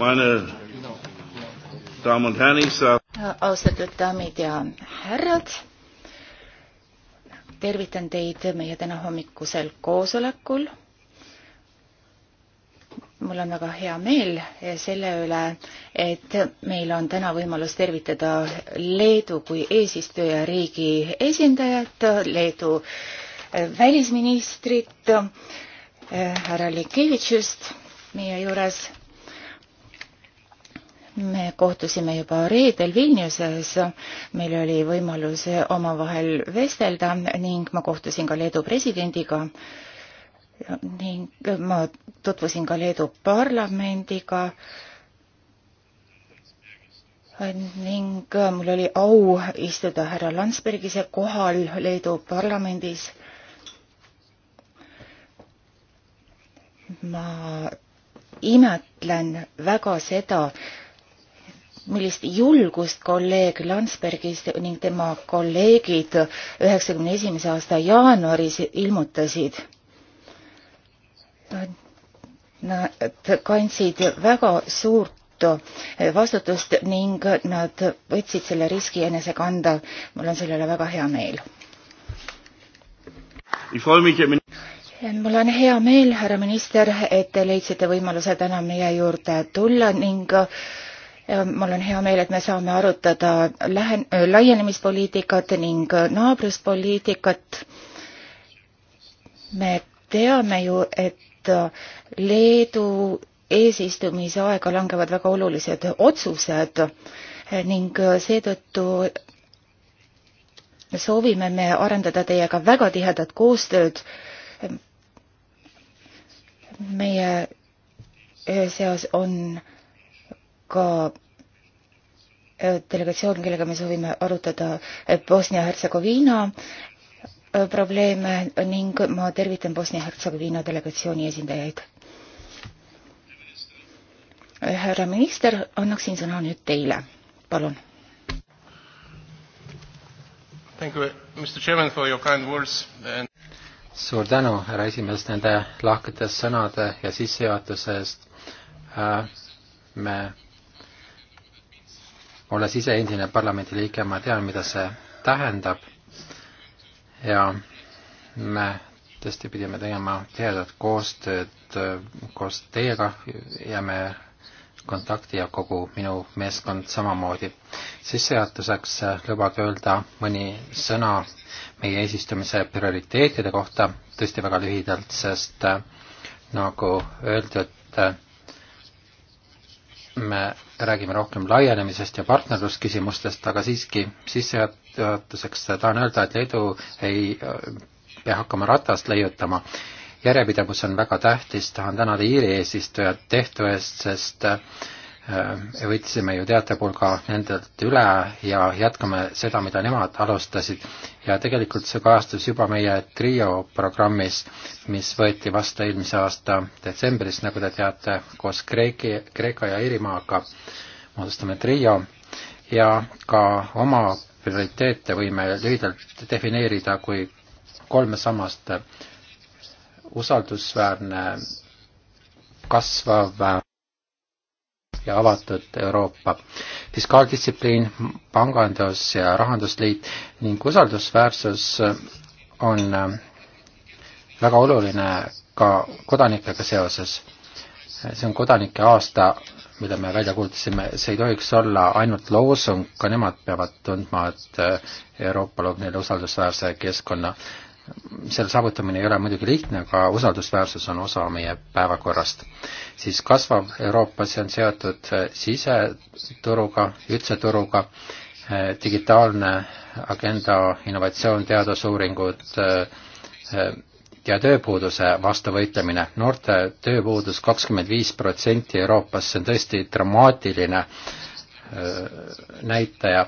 meine Damen und Herren, ich sage. austatud daamid ja härrad, tervitan teid meie tänahommikusel koosolekul. mul on väga hea meel selle üle, et meil on täna võimalus tervitada Leedu kui eesistujariigi esindajat, Leedu välisministrit härra Likevitšist meie juures me kohtusime juba reedel Vilniuses, meil oli võimalus omavahel vestelda ning ma kohtusin ka Leedu presidendiga ning ma tutvusin ka Leedu parlamendiga ning mul oli au istuda härra Landsbergise kohal Leedu parlamendis. ma imetlen väga seda, millist julgust kolleeg Landsbergist ning tema kolleegid üheksakümne esimese aasta jaanuaris ilmutasid. Nad kandsid väga suurt vastutust ning nad võtsid selle riski enese kanda. mul on selle üle väga hea meel. mul on hea meel, härra minister, et te leidsite võimaluse täna meie juurde tulla ning äh, mul on hea meel, et me saame arutada lähen-, laienemispoliitikat ning naabruspoliitikat. me teame ju, et Leedu eesistumise aega langevad väga olulised otsused ning seetõttu soovime me arendada teiega väga tihedat koostööd. meie seas on ka Äh, delegatsioon, kellega me soovime arutada äh, Bosnia-Hertsegoviina äh, probleeme ning ma tervitan Bosnia-Hertsegoviina delegatsiooni esindajaid. härra minister, annaksin sõna nüüd teile, palun. suur tänu, härra esimees, nende lahkete sõnade ja sissejuhatuse eest. me olles ise endine parlamendiliige, ma tean, mida see tähendab ja me tõesti pidime tegema tihedat koostööd äh, koos teiega, jääme kontakti ja kogu minu meeskond samamoodi. sissejuhatuseks äh, lubage öelda mõni sõna meie eesistumise prioriteetide kohta, tõesti väga lühidalt, sest äh, nagu öeldud, me räägime rohkem laienemisest ja partnerlusküsimustest, aga siiski sissejuhatuseks tahan öelda, et Leedu ei pea hakkama ratast leiutama. järjepidevus on väga tähtis, tahan tänada Iiri eesistujat tehtu eest, sest äh, Äh, võtsime ju teatepulga nendelt üle ja jätkame seda, mida nemad alustasid. ja tegelikult see kajastus juba meie trio programmis, mis võeti vastu eelmise aasta detsembris, nagu te teate, koos Kreeki, Kreeka ja Iirimaaga moodustame trio ja ka oma prioriteete võime lühidalt defineerida kui kolme sammast usaldusväärne kasvav ja avatud Euroopa. fiskaaldistsipliin, pangandus ja rahandusliit ning usaldusväärsus on äh, väga oluline ka kodanikega seoses. see on kodanike aasta, mida me välja kuulutasime, see ei tohiks olla ainult loosung, ka nemad peavad tundma, et äh, Euroopa loob neile usaldusväärse keskkonna selle saavutamine ei ole muidugi lihtne, aga usaldusväärsus on osa meie päevakorrast. siis kasvav Euroopa, see on seotud äh, siseturuga, üldse turuga, äh, digitaalne agenda, innovatsioon, teadusuuringud äh, ja tööpuuduse vastu võitlemine. noorte tööpuudus kakskümmend viis protsenti Euroopas, see on tõesti dramaatiline näitaja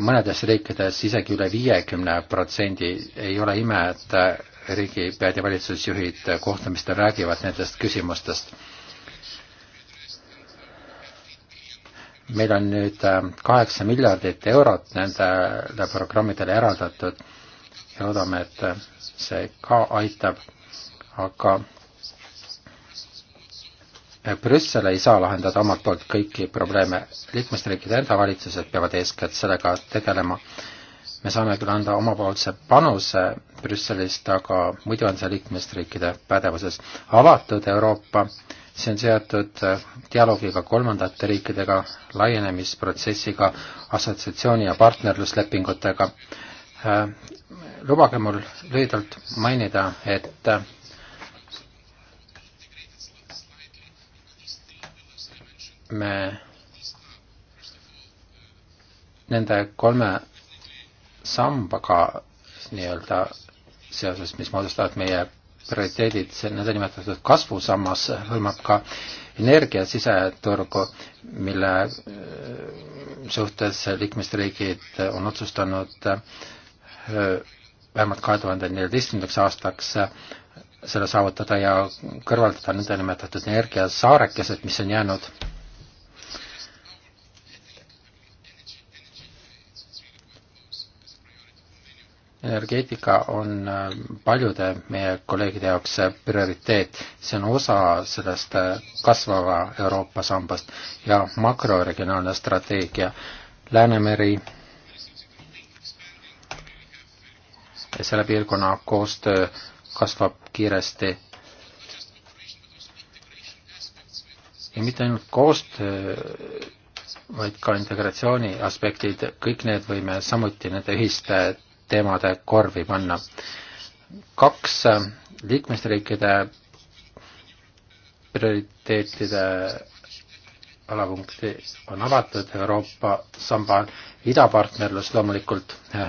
mõnedes riikides isegi üle viiekümne protsendi, ei ole ime, et riigipead ja valitsusjuhid kohtumistel räägivad nendest küsimustest. meil on nüüd äh, kaheksa miljardit eurot nendele programmidele eraldatud ja loodame, et äh, see ka aitab, aga Brüssel ei saa lahendada omalt poolt kõiki probleeme, liikmesriikide enda valitsused peavad eeskätt sellega tegelema. me saame küll anda omapoolse panuse Brüsselist, aga muidu on see liikmesriikide pädevuses. avatud Euroopa, see on seotud äh, dialoogiga kolmandate riikidega, laienemisprotsessiga, assotsiatsiooni ja partnerluslepingutega. Äh, lubage mul lühidalt mainida, et äh, me nende kolme sambaga nii-öelda seoses, mis moodustavad meie prioriteedid, see nõndanimetatud kasvusammas hõlmab ka energia siseturgu, mille äh, suhtes liikmesriigid on otsustanud äh, vähemalt kahe tuhande neljateistkümnendaks aastaks äh, selle saavutada ja kõrvaldada nõndanimetatud energiasaarekesed, mis on jäänud energeetika on äh, paljude meie kolleegide jaoks äh, prioriteet, see on osa sellest äh, kasvava Euroopa sambast ja makroregionaalne strateegia, Läänemeri ja selle piirkonna koostöö kasvab kiiresti. ja mitte ainult koostöö, vaid ka integratsiooni aspektid, kõik need võime samuti nende ühiste teemade korvi panna. kaks äh, liikmesriikide prioriteetide alapunkti on avatud Euroopa samba idapartnerlus loomulikult. Äh,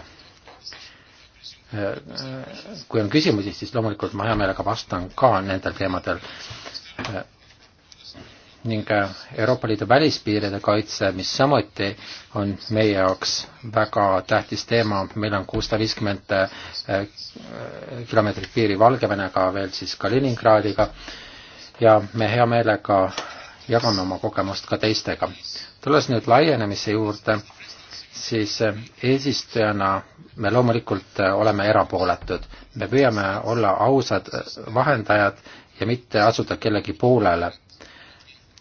äh, kui on küsimusi, siis loomulikult ma hea meelega vastan ka nendel teemadel ning Euroopa Liidu välispiiride kaitse, mis samuti on meie jaoks väga tähtis teema, meil on kuussada viiskümmend äh, kilomeetrit piiri Valgevenega, veel siis Kaliningradiga ja me hea meelega jagame oma kogemust ka teistega. tulles nüüd laienemise juurde, siis äh, eesistujana me loomulikult äh, oleme erapooletud. me püüame olla ausad vahendajad ja mitte asuda kellegi poolele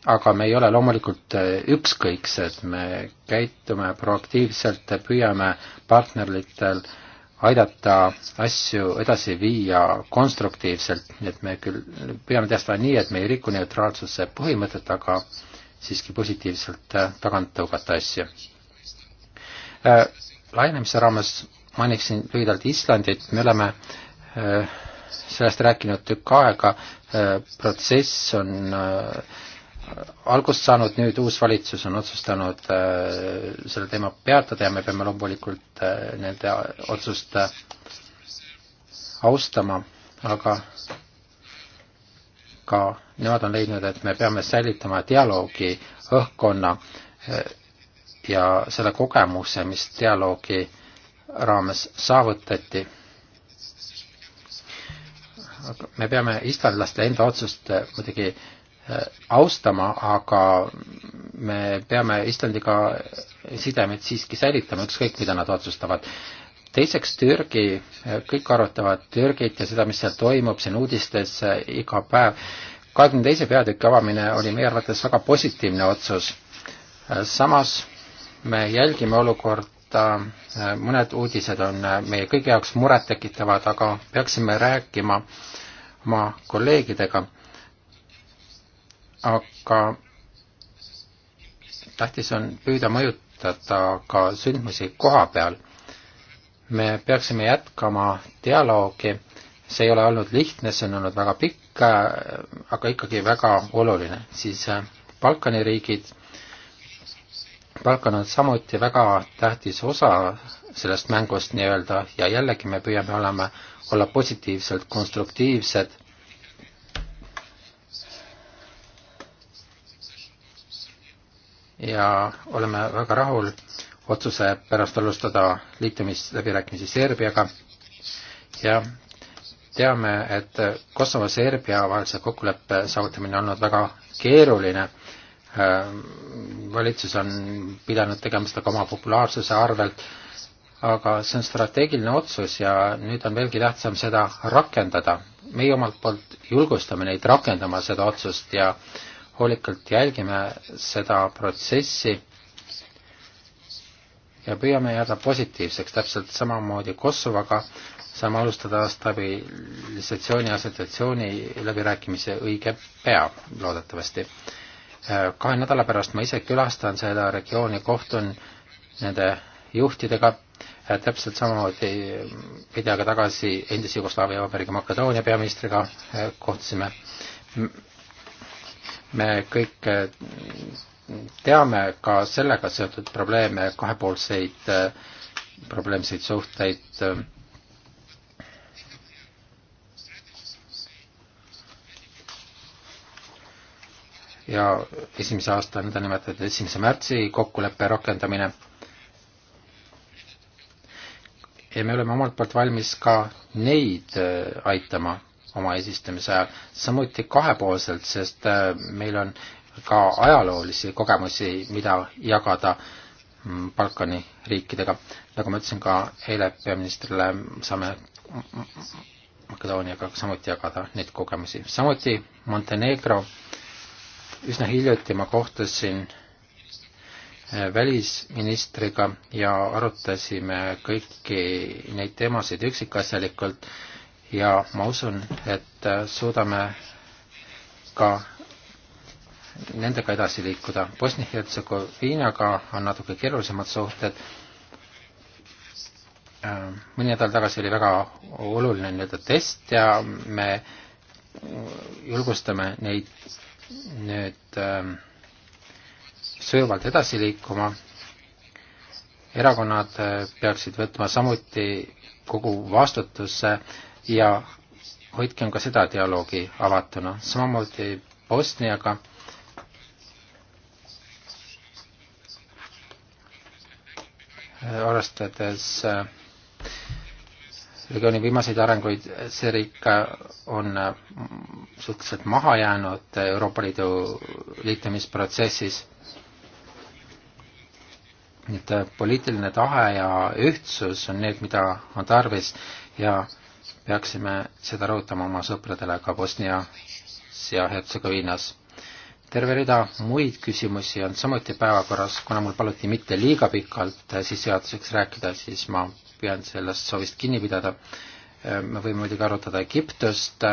aga me ei ole loomulikult äh, ükskõiksed, me käitume proaktiivselt, püüame partneritel aidata asju edasi viia konstruktiivselt, nii et me küll püüame teha seda nii, et me ei riku neutraalsuse põhimõtet, aga siiski positiivselt äh, tagant tõugata asju. Äh, laienemise raames mainiksin lühidalt Islandit, me oleme sellest rääkinud tükk aega, protsess on äh, algust saanud, nüüd uus valitsus on otsustanud äh, selle teema peatada ja me peame loomulikult äh, nende otsust äh, austama, aga ka nemad on leidnud, et me peame säilitama dialoogi õhkkonna ja selle kogemuse, mis dialoogi raames saavutati. me peame islandlaste enda otsust muidugi äh, Äh, austama, aga me peame Islandiga sidemed siiski säilitama, ükskõik mida nad otsustavad. teiseks Türgi, kõik arutavad Türgit ja seda, mis seal toimub, see on uudistes äh, iga päev. kahekümne teise peatüki avamine oli meie arvates väga positiivne otsus. Äh, samas me jälgime olukorda, mõned uudised on meie kõigi jaoks murettekitavad, aga peaksime rääkima oma kolleegidega aga tähtis on püüda mõjutada ka sündmusi koha peal. me peaksime jätkama dialoogi, see ei ole olnud lihtne, see on olnud väga pikk, aga ikkagi väga oluline, siis äh, Balkani riigid, Balkan on samuti väga tähtis osa sellest mängust nii-öelda ja jällegi me püüame olema, olla positiivselt konstruktiivsed ja oleme väga rahul otsuse pärast alustada liitumisläbirääkimisi Serbiaga ja teame, et Kosovo-Serbia vahelise kokkuleppe saavutamine on olnud väga keeruline. Äh, valitsus on pidanud tegema seda ka oma populaarsuse arvelt, aga see on strateegiline otsus ja nüüd on veelgi tähtsam seda rakendada. meie omalt poolt julgustame neid rakendama seda otsust ja äh, hoolikalt jälgime seda protsessi ja püüame jääda positiivseks, täpselt samamoodi Kosovoga saame alustada stabilisatsiooni assotsiatsiooni läbirääkimisi õige pea, loodetavasti. kahe nädala pärast ma ise külastan seda regiooni, kohtun nende juhtidega, täpselt samamoodi veidi aega tagasi endise Jugoslaavia Vabariigi Makedoonia peaministriga kohtusime me kõik eh, teame ka sellega seotud probleeme, kahepoolseid eh, probleemseid suhteid. Eh, ja esimese aasta nõndanimetatud esimese märtsi kokkuleppe rakendamine. ja me oleme omalt poolt valmis ka neid aitama oma eesistumise ajal, samuti kahepoolselt, sest äh, meil on ka ajaloolisi kogemusi, mida jagada mm, Balkani riikidega. nagu ma ütlesin ka eile peaministrile, saame Makedooniaga samuti jagada neid kogemusi. samuti Montenegro, üsna hiljuti ma kohtusin äh, välisministriga ja arutasime kõiki neid teemasid üksikasjalikult ja ma usun, et äh, suudame ka nendega edasi liikuda. Bosnia-Hertsegoviinaga on natuke keerulisemad suhted. Äh, mõni nädal tagasi oli väga oluline nii-öelda test ja me julgustame neid nüüd äh, söövalt edasi liikuma. erakonnad peaksid võtma samuti kogu vastutuse äh, ja hoidkem ka seda dialoogi avatuna, samamoodi Bosniaga. arvestades äh, regiooni viimaseid arenguid, see riik on äh, suhteliselt maha jäänud Euroopa Liidu liitumisprotsessis. nii et äh, poliitiline tahe ja ühtsus on need, mida on tarvis ja peaksime seda rõhutama oma sõpradele ka Bosnias ja Hertsegoviinas. terve rida muid küsimusi on samuti päevakorras, kuna mul paluti mitte liiga pikalt sissejuhatuseks rääkida, siis ma püüan sellest soovist kinni pidada. me võime muidugi arutada Egiptust,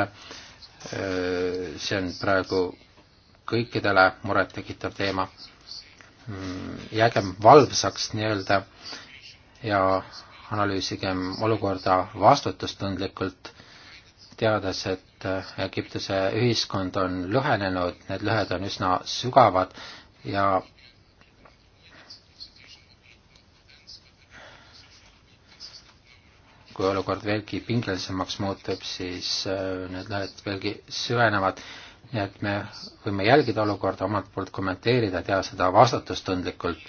see on praegu kõikidele murettekitav teema, mm, jäägem valvsaks nii-öelda ja analüüsigem olukorda vastutustundlikult, teades, et äh, Egiptuse ühiskond on lõhenenud, need lõhed on üsna sügavad ja kui olukord veelgi pingelisemaks muutub, siis äh, need lõhed veelgi süvenevad. nii et me võime jälgida olukorda, omalt poolt kommenteerida, teha seda vastutustundlikult.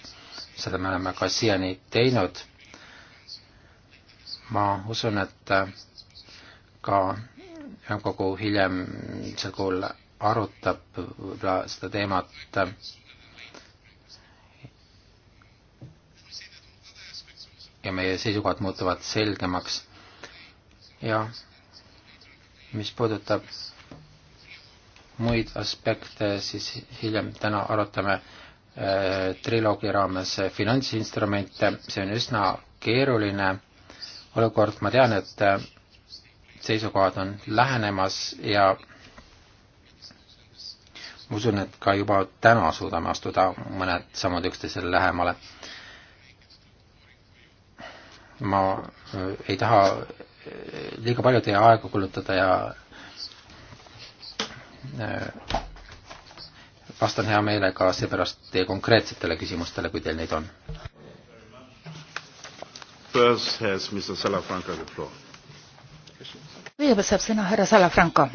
seda me oleme ka siiani teinud ma usun, et äh, ka ülemkogu hiljem sel kuul arutab võib-olla seda teemat äh, ja meie seisukohad muutuvad selgemaks. ja mis puudutab muid aspekte, siis hiljem täna arutame äh, triloogi raames finantsinstrumente, see on üsna keeruline olukord, ma tean, et äh, seisukohad on lähenemas ja ma usun, et ka juba täna suudame astuda mõned sammud üksteisele lähemale. ma äh, ei taha äh, liiga palju teie aega kulutada ja vastan hea meelega seepärast teie konkreetsetele küsimustele, kui teil neid on. First has Mr. Salafranca the floor. kõigepealt saab sõna härra Salafranco.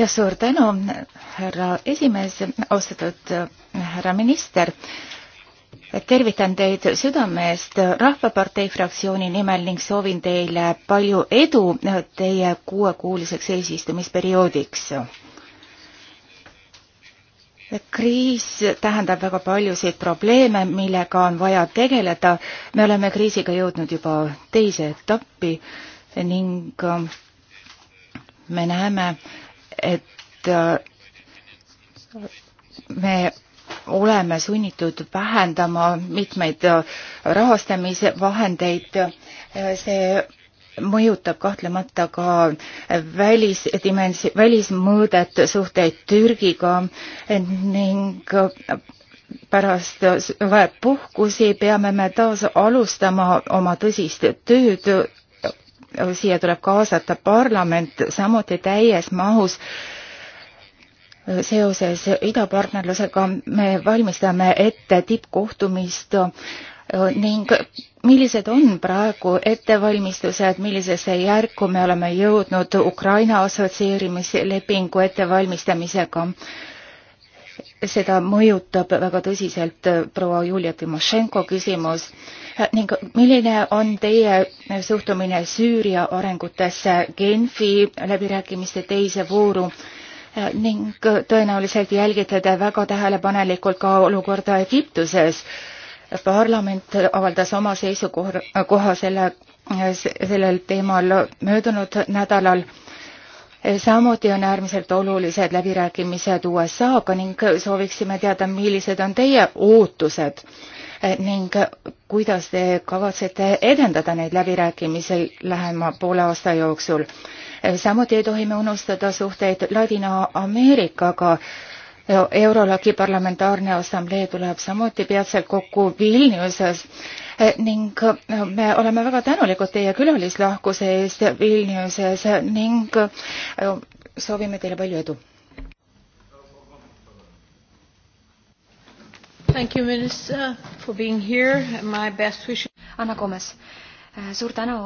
ja suur tänu, härra esimees, austatud härra minister tervitan teid südamest Rahvapartei fraktsiooni nimel ning soovin teile palju edu teie kuuekuuliseks eesistumisperioodiks kriis tähendab väga paljusid probleeme, millega on vaja tegeleda. me oleme kriisiga jõudnud juba teise etappi ning äh, me näeme, et äh, me oleme sunnitud vähendama mitmeid äh, rahastamisvahendeid. see mõjutab kahtlemata ka välisdimens-, välismõõdet suhteid Türgiga ning pärast suvepuhkusi peame me taas alustama oma tõsist tööd. siia tuleb kaasata parlament samuti täies mahus seoses idapartnerlusega me valmistame ette tippkohtumist ning millised on praegu ettevalmistused, millisesse järku me oleme jõudnud Ukraina assotsieerimislepingu ettevalmistamisega? seda mõjutab väga tõsiselt äh, proua Julia Timošenko küsimus äh, ning milline on teie suhtumine Süüria arengutesse Genfi läbirääkimiste teise vooru äh, ning tõenäoliselt jälgite te väga tähelepanelikult ka olukorda Egiptuses parlament avaldas oma seisukoha selle, sellel teemal möödunud nädalal. samuti on äärmiselt olulised läbirääkimised USA-ga ning sooviksime teada, millised on teie ootused ning kuidas te kavatsete edendada neid läbirääkimisi lähema poole aasta jooksul. samuti ei tohi me unustada suhteid Ladina-Ameerikaga Eurolagi parlamentaarne assamblee tuleb samuti peatselt kokku Vilniuses e, ning e, me oleme väga tänulikud teie külalislahkuse eest Vilniuses ning e, soovime teile palju edu. Thank you, Minister, for being here. My best wishes. Anna Gomes, suur tänu,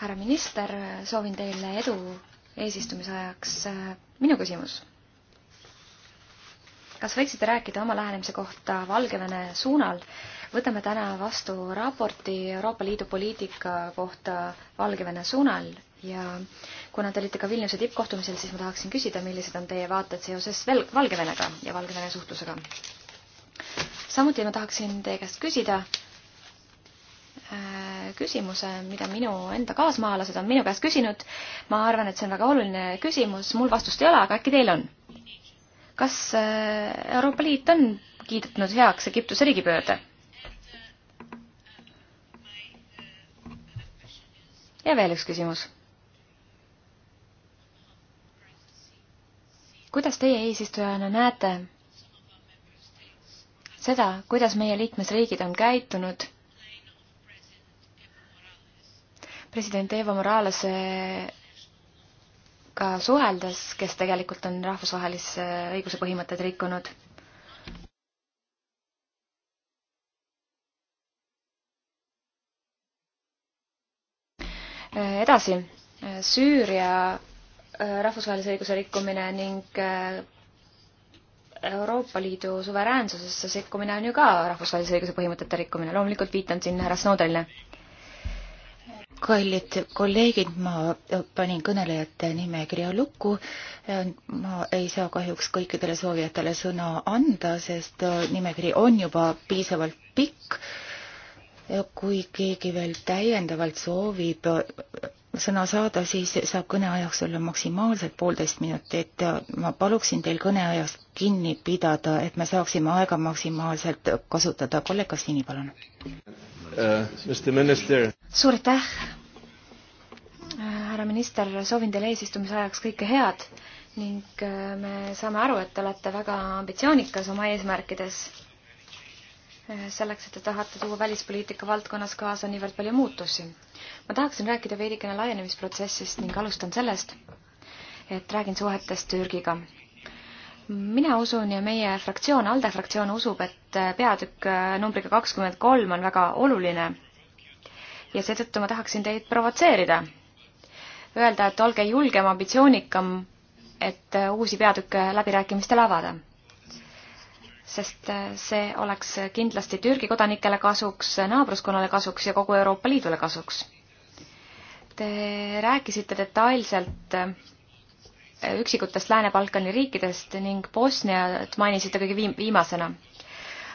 härra minister, soovin teile edu eesistumise ajaks. minu küsimus kas võiksite rääkida oma lähenemise kohta Valgevene suunal? võtame täna vastu raporti Euroopa Liidu poliitika kohta Valgevene suunal ja kuna te olite ka Vilniuse tippkohtumisel, siis ma tahaksin küsida, millised on teie vaated seoses Vel-, Valgevenega ja Valgevene suhtlusega? samuti ma tahaksin teie käest küsida äh, küsimuse, mida minu enda kaasmaalased on minu käest küsinud. ma arvan, et see on väga oluline küsimus, mul vastust ei ole, aga äkki teil on? kas äh, Euroopa Liit on kiidetanud heaks Egiptuse riigipöörde? ja veel üks küsimus. kuidas teie eesistujana näete seda, kuidas meie liikmesriigid on käitunud president Evo Moralese äh, ka suheldes, kes tegelikult on rahvusvahelise õiguse põhimõtteid rikkunud. edasi, Süüria äh, rahvusvahelise õiguse rikkumine ning äh, Euroopa Liidu suveräänsusesse sekkumine on ju ka rahvusvahelise õiguse põhimõtete rikkumine, loomulikult viitan siin härra Snowdenile kallid kolleegid, ma panin kõnelejate nimekirja lukku. ma ei saa kahjuks kõikidele soovijatele sõna anda, sest nimekiri on juba piisavalt pikk. kui keegi veel täiendavalt soovib sõna saada, siis saab kõneajaks olla maksimaalselt poolteist minutit. ma paluksin teil kõneajast kinni pidada, et me saaksime aega maksimaalselt kasutada. kolleeg Kassini, palun uh,. suur aitäh, härra minister, soovin teile eesistumise ajaks kõike head ning me saame aru, et te olete väga ambitsioonikas oma eesmärkides selleks, et te tahate tuua välispoliitika valdkonnas kaasa niivõrd palju muutusi. ma tahaksin rääkida veidikene laienemisprotsessist ning alustan sellest, et räägin suhetest Türgiga. mina usun ja meie fraktsioon, ALDE fraktsioon usub, et peatükk numbriga kakskümmend kolm on väga oluline ja seetõttu ma tahaksin teid provotseerida. Öelda, et olge julgem, ambitsioonikam, et uusi peatükke läbirääkimistel avada sest äh, see oleks kindlasti Türgi kodanikele kasuks, naabruskonnale kasuks ja kogu Euroopa Liidule kasuks. Te rääkisite detailselt äh, üksikutest Lääne-Balkani riikidest ning Bosniat mainisite kõige viim-, viimasena.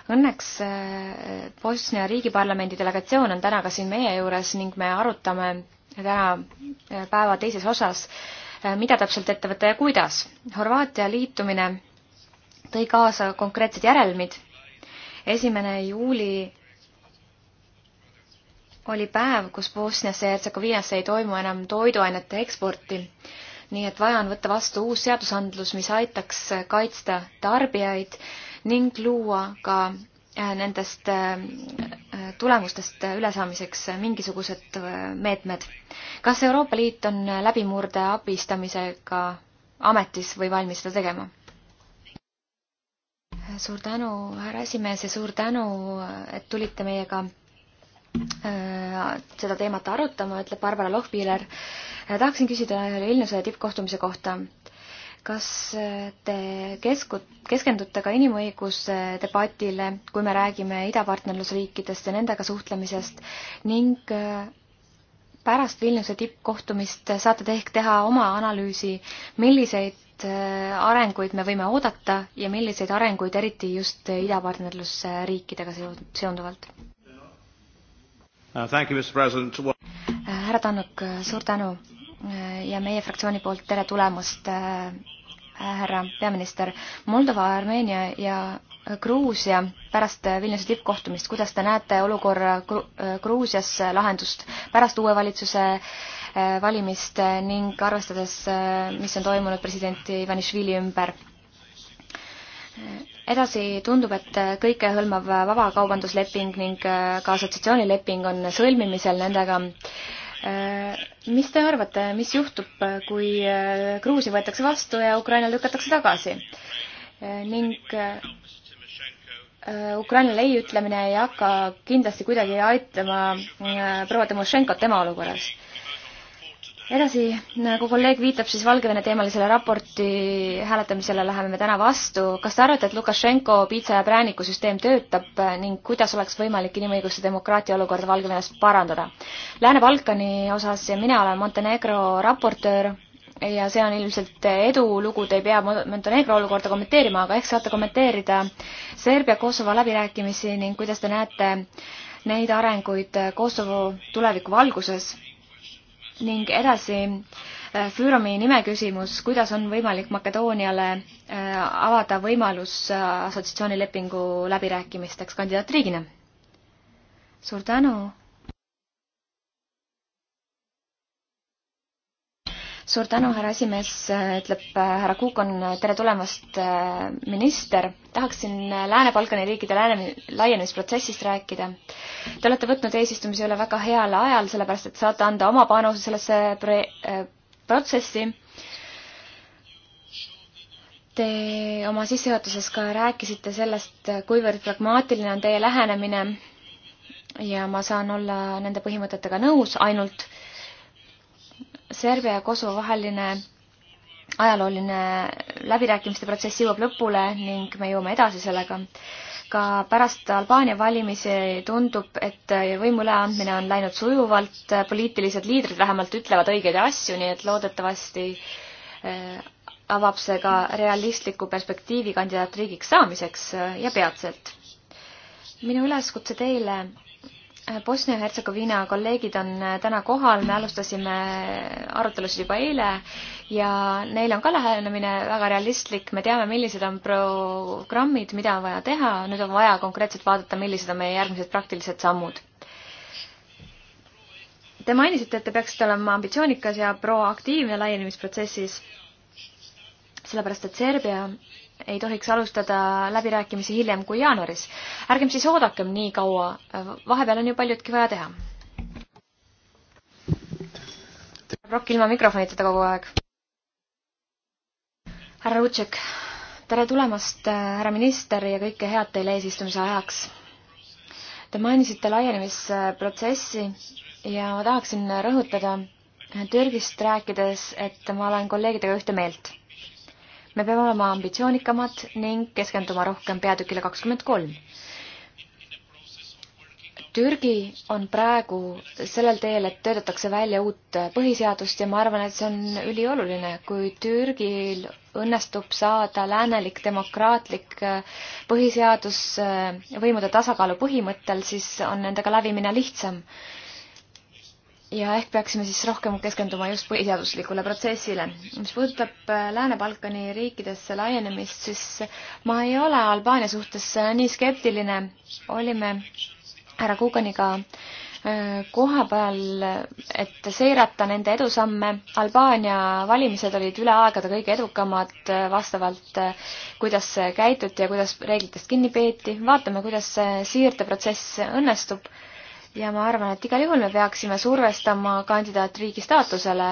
Õnneks äh, Bosnia riigiparlamendi delegatsioon on täna ka siin meie juures ning me arutame täna päeva teises osas, mida täpselt ette võtta ja kuidas. Horvaatia liitumine tõi kaasa konkreetsed järelmid. esimene juuli oli päev, kus Bosniasse ja Hertsegoviinasse ei toimu enam toiduainete eksporti. nii et vaja on võtta vastu uus seadusandlus, mis aitaks kaitsta tarbijaid ning luua ka äh, nendest äh, tulemustest ülesaamiseks mingisugused äh, meetmed. kas Euroopa Liit on läbimurde abistamisega ametis või valmis seda tegema? suur tänu, härra esimees ja suur tänu, et tulite meiega äh, seda teemat arutama, ütleb Barbara Lohpiiler. Äh, tahaksin küsida Vilniuse tippkohtumise kohta. kas äh, te kesku-, keskendute ka inimõiguse debatile, kui me räägime idapartnerlusriikidest ja nendega suhtlemisest ning pärast Vilniuse tippkohtumist saate te ehk teha oma analüüsi, milliseid äh, arenguid me võime oodata ja milliseid arenguid eriti just idapartnerlusriikidega seonduvalt? Uh, äh, härra Tannuk, suur tänu äh, ja meie fraktsiooni poolt tere tulemast, härra peaminister. Moldova, Armeenia ja Gruusia pärast Vilniuse tippkohtumist, kuidas te näete olukorra äh, Gruusias lahendust pärast uue valitsuse äh, valimist ning arvestades, äh, mis on toimunud president Ivanišvili ümber? edasi tundub, et kõikehõlmav vabakaubandusleping ning ka assotsiatsioonileping on sõlmimisel nendega mis te arvate, mis juhtub, kui Gruusia võetakse vastu ja Ukraina lükatakse tagasi? ning Äh, Ukrainale ei ütlemine ei hakka kindlasti kuidagi aitama äh, proua Timošenkot tema olukorras. edasi, nagu kolleeg viitab, siis Valgevene teemalisele raporti hääletamisele läheme me täna vastu. kas te arvate, et Lukašenko piitsa ja prääniku süsteem töötab äh, ning kuidas oleks võimalik inimõiguste demokraatia olukorda Valgevenes parandada? Lääne-Balkani osas mina olen Montenegro raportöör ja see on ilmselt edulugu, te ei pea Montenegro olukorda kommenteerima, aga ehk saate kommenteerida Serbia-Kosovo läbirääkimisi ning kuidas te näete neid arenguid Kosovo tuleviku valguses ning edasi äh, Füürami nime küsimus, kuidas on võimalik Makedooniale äh, avada võimalus äh, assotsiatsioonilepingu läbirääkimisteks kandidaatriigina? suur tänu suur tänu, härra esimees, ütleb äh, härra Kuukon, tere tulemast, äh, minister. tahaksin äh, Lääne-Balkani riikide lääne laienemisprotsessist rääkida. Te olete võtnud eesistumise üle väga heal ajal, sellepärast et saate anda oma panuse sellesse pre-, protsessi. Te oma sissejuhatuses ka rääkisite sellest, kuivõrd pragmaatiline on teie lähenemine ja ma saan olla nende põhimõtetega nõus, ainult Serbia ja Kosovo vaheline ajalooline läbirääkimiste protsess jõuab lõpule ning me jõuame edasi sellega. ka pärast Albaania valimisi tundub, et võimu üleandmine on läinud sujuvalt, poliitilised liidrid vähemalt ütlevad õigeid asju, nii et loodetavasti eh, avab see ka realistliku perspektiivi kandidaatriigiks saamiseks eh, ja peatselt. minu üleskutse teile Bosnia-Hertsegoviina kolleegid on äh, täna kohal, me alustasime arutelusid juba eile ja neil on ka lähenemine väga realistlik, me teame, millised on programmid, mida on vaja teha, nüüd on vaja konkreetselt vaadata, millised on meie järgmised praktilised sammud. Te mainisite, et te peaksite olema ambitsioonikas ja proaktiivne laienemisprotsessis, sellepärast et Serbia ei tohiks alustada läbirääkimisi hiljem kui jaanuaris. ärgem siis oodakem nii kaua, vahepeal on ju paljutki vaja teha. Rock ilma mikrofoniteta kogu aeg. härra Rutšek, tere tulemast, härra minister ja kõike head teile eesistumise ajaks. Te mainisite laienemisprotsessi ja ma tahaksin rõhutada Türgist rääkides, et ma olen kolleegidega ühte meelt me peame olema ambitsioonikamad ning keskenduma rohkem peatükile kakskümmend kolm. Türgi on praegu sellel teel, et töötatakse välja uut põhiseadust ja ma arvan, et see on ülioluline, kui Türgil õnnestub saada läänelik demokraatlik põhiseadus võimude tasakaalu põhimõttel, siis on nendega läbi minna lihtsam ja ehk peaksime siis rohkem keskenduma just põhiseaduslikule protsessile. mis puudutab äh, Lääne-Balkani riikidesse laienemist, siis ma ei ole Albaania suhtes äh, nii skeptiline. olime härra Kuganiga äh, koha peal, et seirata nende edusamme. Albaania valimised olid üle aegade kõige edukamad vastavalt, kuidas käituti ja kuidas reeglitest kinni peeti. vaatame, kuidas see siirdeprotsess õnnestub ja ma arvan, et igal juhul me peaksime survestama kandidaatriigi staatusele,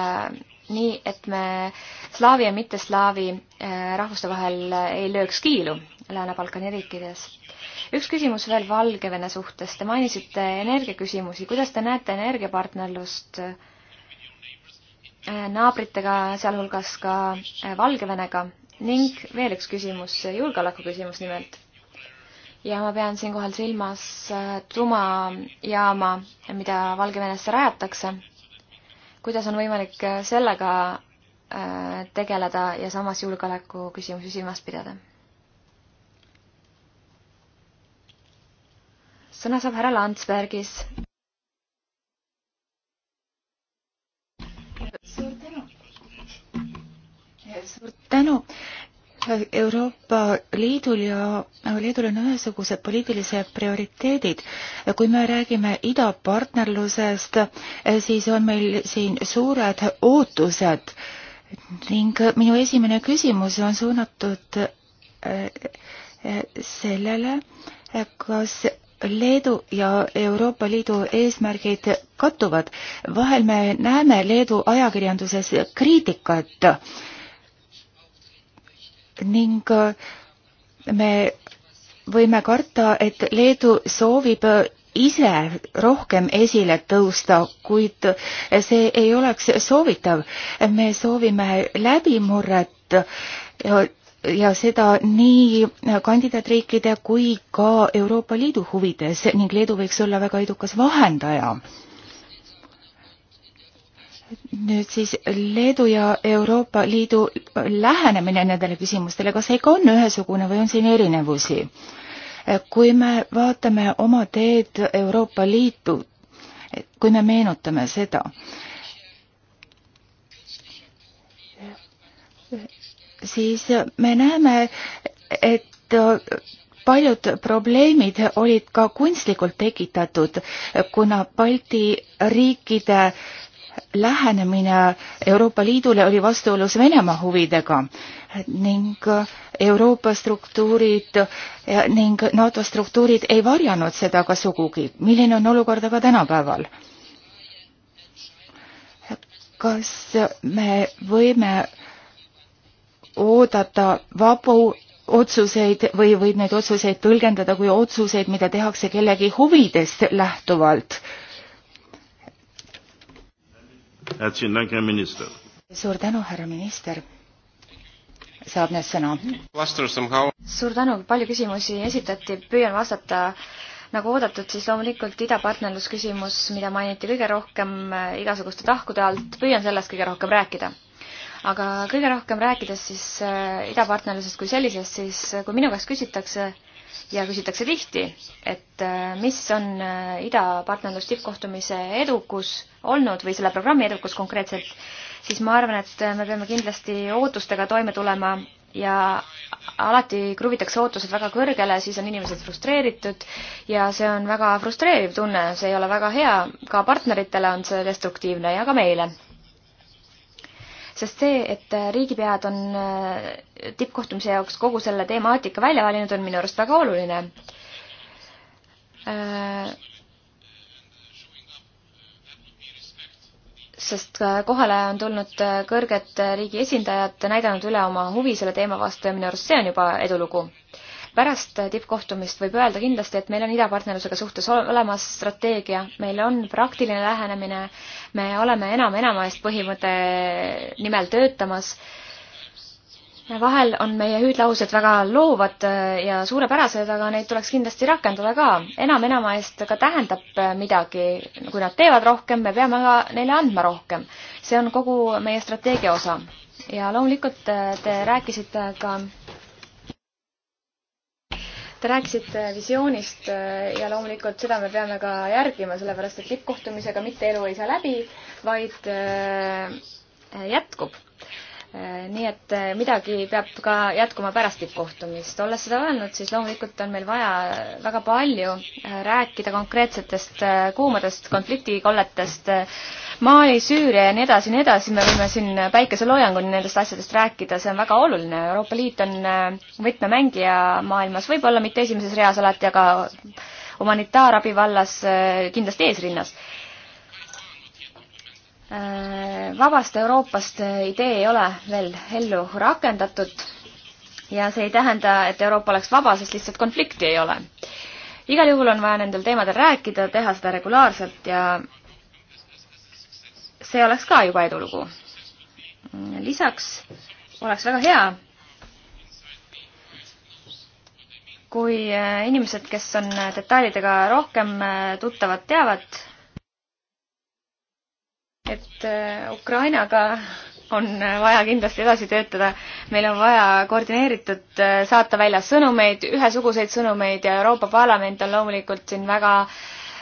nii et me slaavi ja mitteslaavi eh, rahvuste vahel eh, ei lööks kiilu Lääne-Balkani riikides. üks küsimus veel Valgevene suhtes. Te mainisite energiaküsimusi. kuidas te näete energiapartnerlust eh, naabritega, sealhulgas ka Valgevenega ning veel üks küsimus, julgeoleku küsimus nimelt ja ma pean siinkohal silmas äh, tuumajaama, mida Valgevenesse rajatakse. kuidas on võimalik äh, sellega äh, tegeleda ja samas julgeoleku küsimusi silmas pidada? sõna saab härra Landsbergis. suur tänu. suur tänu Euroopa Liidul ja Leedul on ühesugused poliitilised prioriteedid. kui me räägime idapartnerlusest, siis on meil siin suured ootused ning minu esimene küsimus on suunatud eh, eh, sellele, eh, kas Leedu ja Euroopa Liidu eesmärgid kattuvad. vahel me näeme Leedu ajakirjanduses kriitikat ning äh, me võime karta, et Leedu soovib äh, ise rohkem esile tõusta, kuid see ei oleks soovitav. me soovime läbimurret ja, ja seda nii kandidaatriikide kui ka Euroopa Liidu huvides ning Leedu võiks olla väga edukas vahendaja nüüd siis Leedu ja Euroopa Liidu lähenemine nendele küsimustele, kas see ikka on ühesugune või on siin erinevusi? kui me vaatame oma teed Euroopa Liitu, kui me meenutame seda, siis me näeme, et paljud probleemid olid ka kunstlikult tekitatud, kuna Balti riikide äh, lähenemine Euroopa Liidule oli vastuolus Venemaa huvidega ning Euroopa struktuurid ning NATO struktuurid ei varjanud seda ka sugugi. milline on olukord aga tänapäeval? kas me võime oodata vabu otsuseid või võib neid otsuseid tõlgendada kui otsuseid, mida tehakse kellegi huvidest lähtuvalt? suur tänu, härra minister saab nüüd sõna. suur tänu, palju küsimusi esitati, püüan vastata nagu oodatud, siis loomulikult idapartnerlus küsimus, mida mainiti kõige rohkem äh, igasuguste tahkude alt, püüan sellest kõige rohkem rääkida. aga kõige rohkem rääkides siis äh, idapartnerlusest kui sellisest, siis äh, kui minu käest küsitakse äh,, ja küsitakse tihti, et äh, mis on äh, idapartnerlus tippkohtumise edukus olnud või selle programmi edukus konkreetselt, siis ma arvan, et äh, me peame kindlasti ootustega toime tulema ja alati kruvitakse ootused väga kõrgele, siis on inimesed frustreeritud ja see on väga frustreeriv tunne, see ei ole väga hea, ka partneritele on see destruktiivne ja ka meile sest see, et äh, riigipead on äh, tippkohtumise jaoks kogu selle temaatika välja valinud, on minu arust väga oluline. Äh, sest kohale on tulnud kõrged riigi esindajad, näidanud üle oma huvi selle teema vastu ja minu arust see on juba edulugu pärast tippkohtumist võib öelda kindlasti, et meil on idapartnerlusega suhtes olemas strateegia, meil on praktiline lähenemine, me oleme enam enama eest põhimõtte nimel töötamas. vahel on meie hüüdlaused väga loovad äh, ja suurepärased, aga neid tuleks kindlasti rakendada ka. enam enama eest ka tähendab äh, midagi, kui nad teevad rohkem, me peame ka neile andma rohkem. see on kogu meie strateegia osa. ja loomulikult äh, te rääkisite ka Te rääkisite visioonist äh, ja loomulikult seda me peame ka järgima, sellepärast et tippkohtumisega mitte elu ei saa läbi, vaid äh, jätkub Äh, nii et äh, midagi peab ka jätkuma pärast tippkohtumist. olles seda öelnud, siis loomulikult on meil vaja väga palju äh, rääkida konkreetsetest kuumadest konfliktikolletest Mali, Süüria ja nii edasi, nii edasi. me võime siin päikeseloojanguni nendest asjadest rääkida, see on väga oluline. Euroopa Liit on võtmemängija maailmas, võib-olla mitte esimeses reas alati, aga humanitaarabi vallas kindlasti eesrinnas Äh, vabast Euroopast idee ei ole veel ellu rakendatud ja see ei tähenda, et Euroopa oleks vaba, sest lihtsalt konflikti ei ole. igal juhul on vaja nendel teemadel rääkida, teha seda regulaarselt ja see oleks ka juba edulugu. lisaks oleks väga hea, kui inimesed, kes on detailidega rohkem tuttavad, teavad, et äh, Ukrainaga on äh, vaja kindlasti edasi töötada, meil on vaja koordineeritud äh, saata välja sõnumeid, ühesuguseid sõnumeid ja Euroopa Parlament on loomulikult siin väga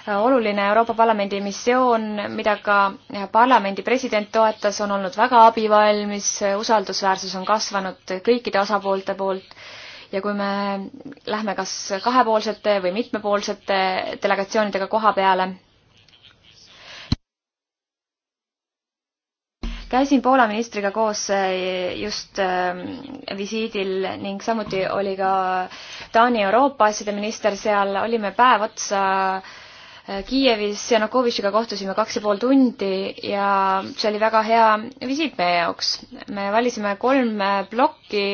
oluline Euroopa Parlamendi missioon, mida ka parlamendi president toetas, on olnud väga abivalmis, usaldusväärsus on kasvanud kõikide osapoolte poolt ja kui me lähme kas kahepoolsete või mitmepoolsete delegatsioonidega koha peale käisin Poola ministriga koos eh, just ehm, visiidil ning samuti oli ka Taani Euroopa asjade minister seal, olime päev otsa eh, Kiievis Janukovitšiga kohtusime kaks ja pool tundi ja see oli väga hea visiit meie jaoks. me valisime kolm eh, plokki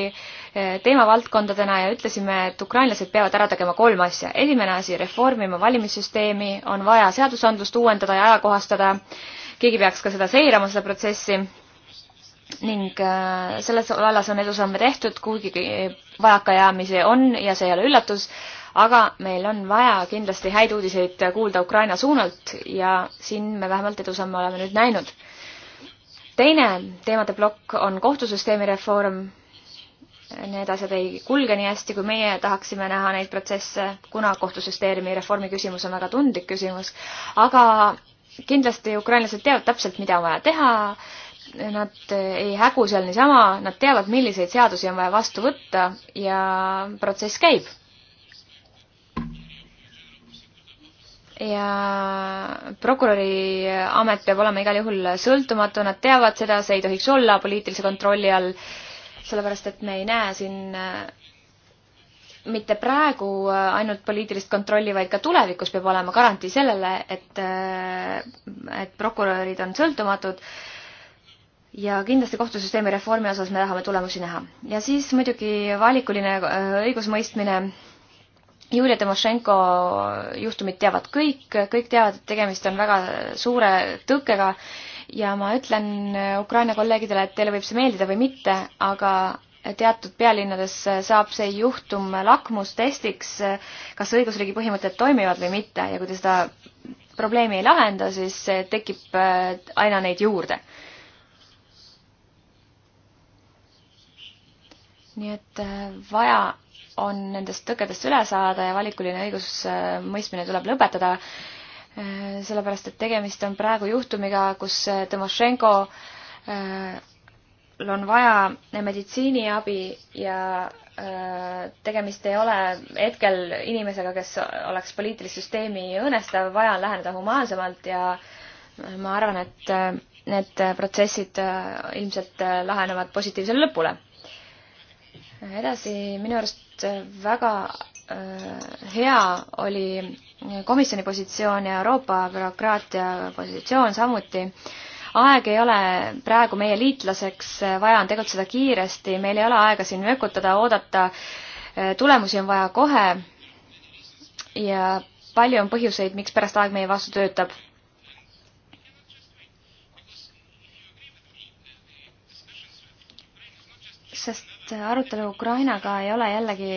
teemavaldkondadena ja ütlesime, et ukrainlased peavad ära tegema kolm asja. esimene asi, reformima valimissüsteemi, on vaja seadusandlust uuendada ja ajakohastada keegi peaks ka seda seirama, seda protsessi ning äh, selles vallas on edusamme tehtud, kuigi vajakajäämisi on ja see ei ole üllatus, aga meil on vaja kindlasti häid uudiseid kuulda Ukraina suunalt ja siin me vähemalt edusamme oleme nüüd näinud. teine teemade plokk on kohtusüsteemi reform. Need asjad ei kulge nii hästi, kui meie tahaksime näha neid protsesse, kuna kohtusüsteemi reformi küsimus on väga tundlik küsimus, aga kindlasti ukrainlased teavad täpselt, mida on vaja teha, nad ei hägu seal niisama, nad teavad, milliseid seadusi on vaja vastu võtta ja protsess käib. ja prokuröri amet peab olema igal juhul sõltumatu, nad teavad seda, see ei tohiks olla poliitilise kontrolli all, sellepärast et me ei näe siin mitte praegu äh, ainult poliitilist kontrolli, vaid ka tulevikus peab olema garantii sellele, et, äh, et prokurörid on sõltumatud ja kindlasti kohtusüsteemi reformi osas me tahame tulemusi näha. ja siis muidugi valikuline äh, õigusmõistmine. Julia Timošenko juhtumit teavad kõik, kõik teavad, et tegemist on väga suure tõkkega ja ma ütlen Ukraina kolleegidele, et teile võib see meeldida või mitte, aga teatud pealinnades saab see juhtum lakmustestiks, kas õigusriigi põhimõtted toimivad või mitte ja kui te seda probleemi ei lahenda, siis tekib äh, aina neid juurde. nii et äh, vaja on nendest tõkedest üle saada ja valikuline õigusmõistmine tuleb lõpetada, äh, sellepärast et tegemist on praegu juhtumiga, kus Tomašenko on vaja meditsiiniabi ja äh, tegemist ei ole hetkel inimesega, kes oleks poliitilist süsteemi õõnestav, vaja on läheneda humaansemalt ja äh, ma arvan, et äh, need protsessid ilmselt lahenevad positiivsele lõpule. edasi, minu arust väga hea oli komisjoni positsioon ja Euroopa bürokraatia positsioon samuti aeg ei ole praegu meie liitlaseks, vaja on tegutseda kiiresti, meil ei ole aega siin mökutada, oodata, tulemusi on vaja kohe ja palju on põhjuseid, mikspärast aeg meie vastu töötab sest arutelu Ukrainaga ei ole jällegi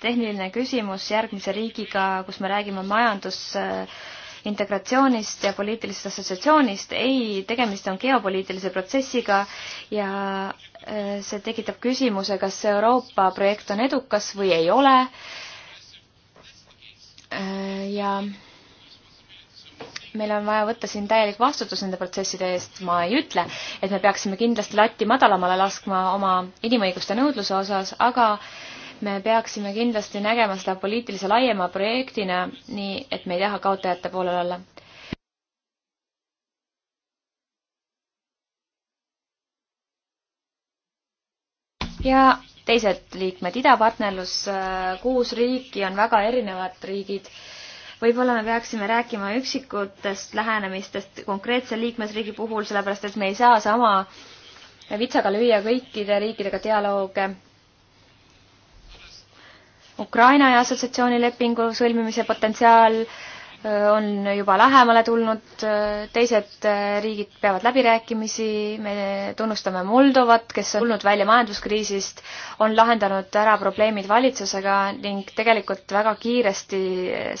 tehniline küsimus järgmise riigiga, kus me räägime majandus- integratsioonist ja poliitilisest assotsiatsioonist. ei, tegemist on geopoliitilise protsessiga ja äh, see tekitab küsimuse, kas Euroopa projekt on edukas või ei ole. Äh, ja meil on vaja võtta siin täielik vastutus nende protsesside eest, ma ei ütle, et me peaksime kindlasti latti madalamale laskma oma inimõiguste nõudluse osas, aga äh, me peaksime kindlasti nägema seda poliitilise laiema projektina, nii et me ei taha kaotajate poolel olla. ja teised liikmed, idapartnerlus, äh, kuus riiki on väga erinevad riigid võib-olla me peaksime rääkima üksikutest lähenemistest konkreetse liikmesriigi puhul, sellepärast et me ei saa sama vitsaga lüüa kõikide riikidega dialoog Ukraina ja assotsiatsiooni lepingu sõlmimise potentsiaal äh, on juba lähemale tulnud, äh, teised äh, riigid peavad läbirääkimisi, me tunnustame Moldovat, kes on tulnud välja majanduskriisist, on lahendanud ära probleemid valitsusega ning tegelikult väga kiiresti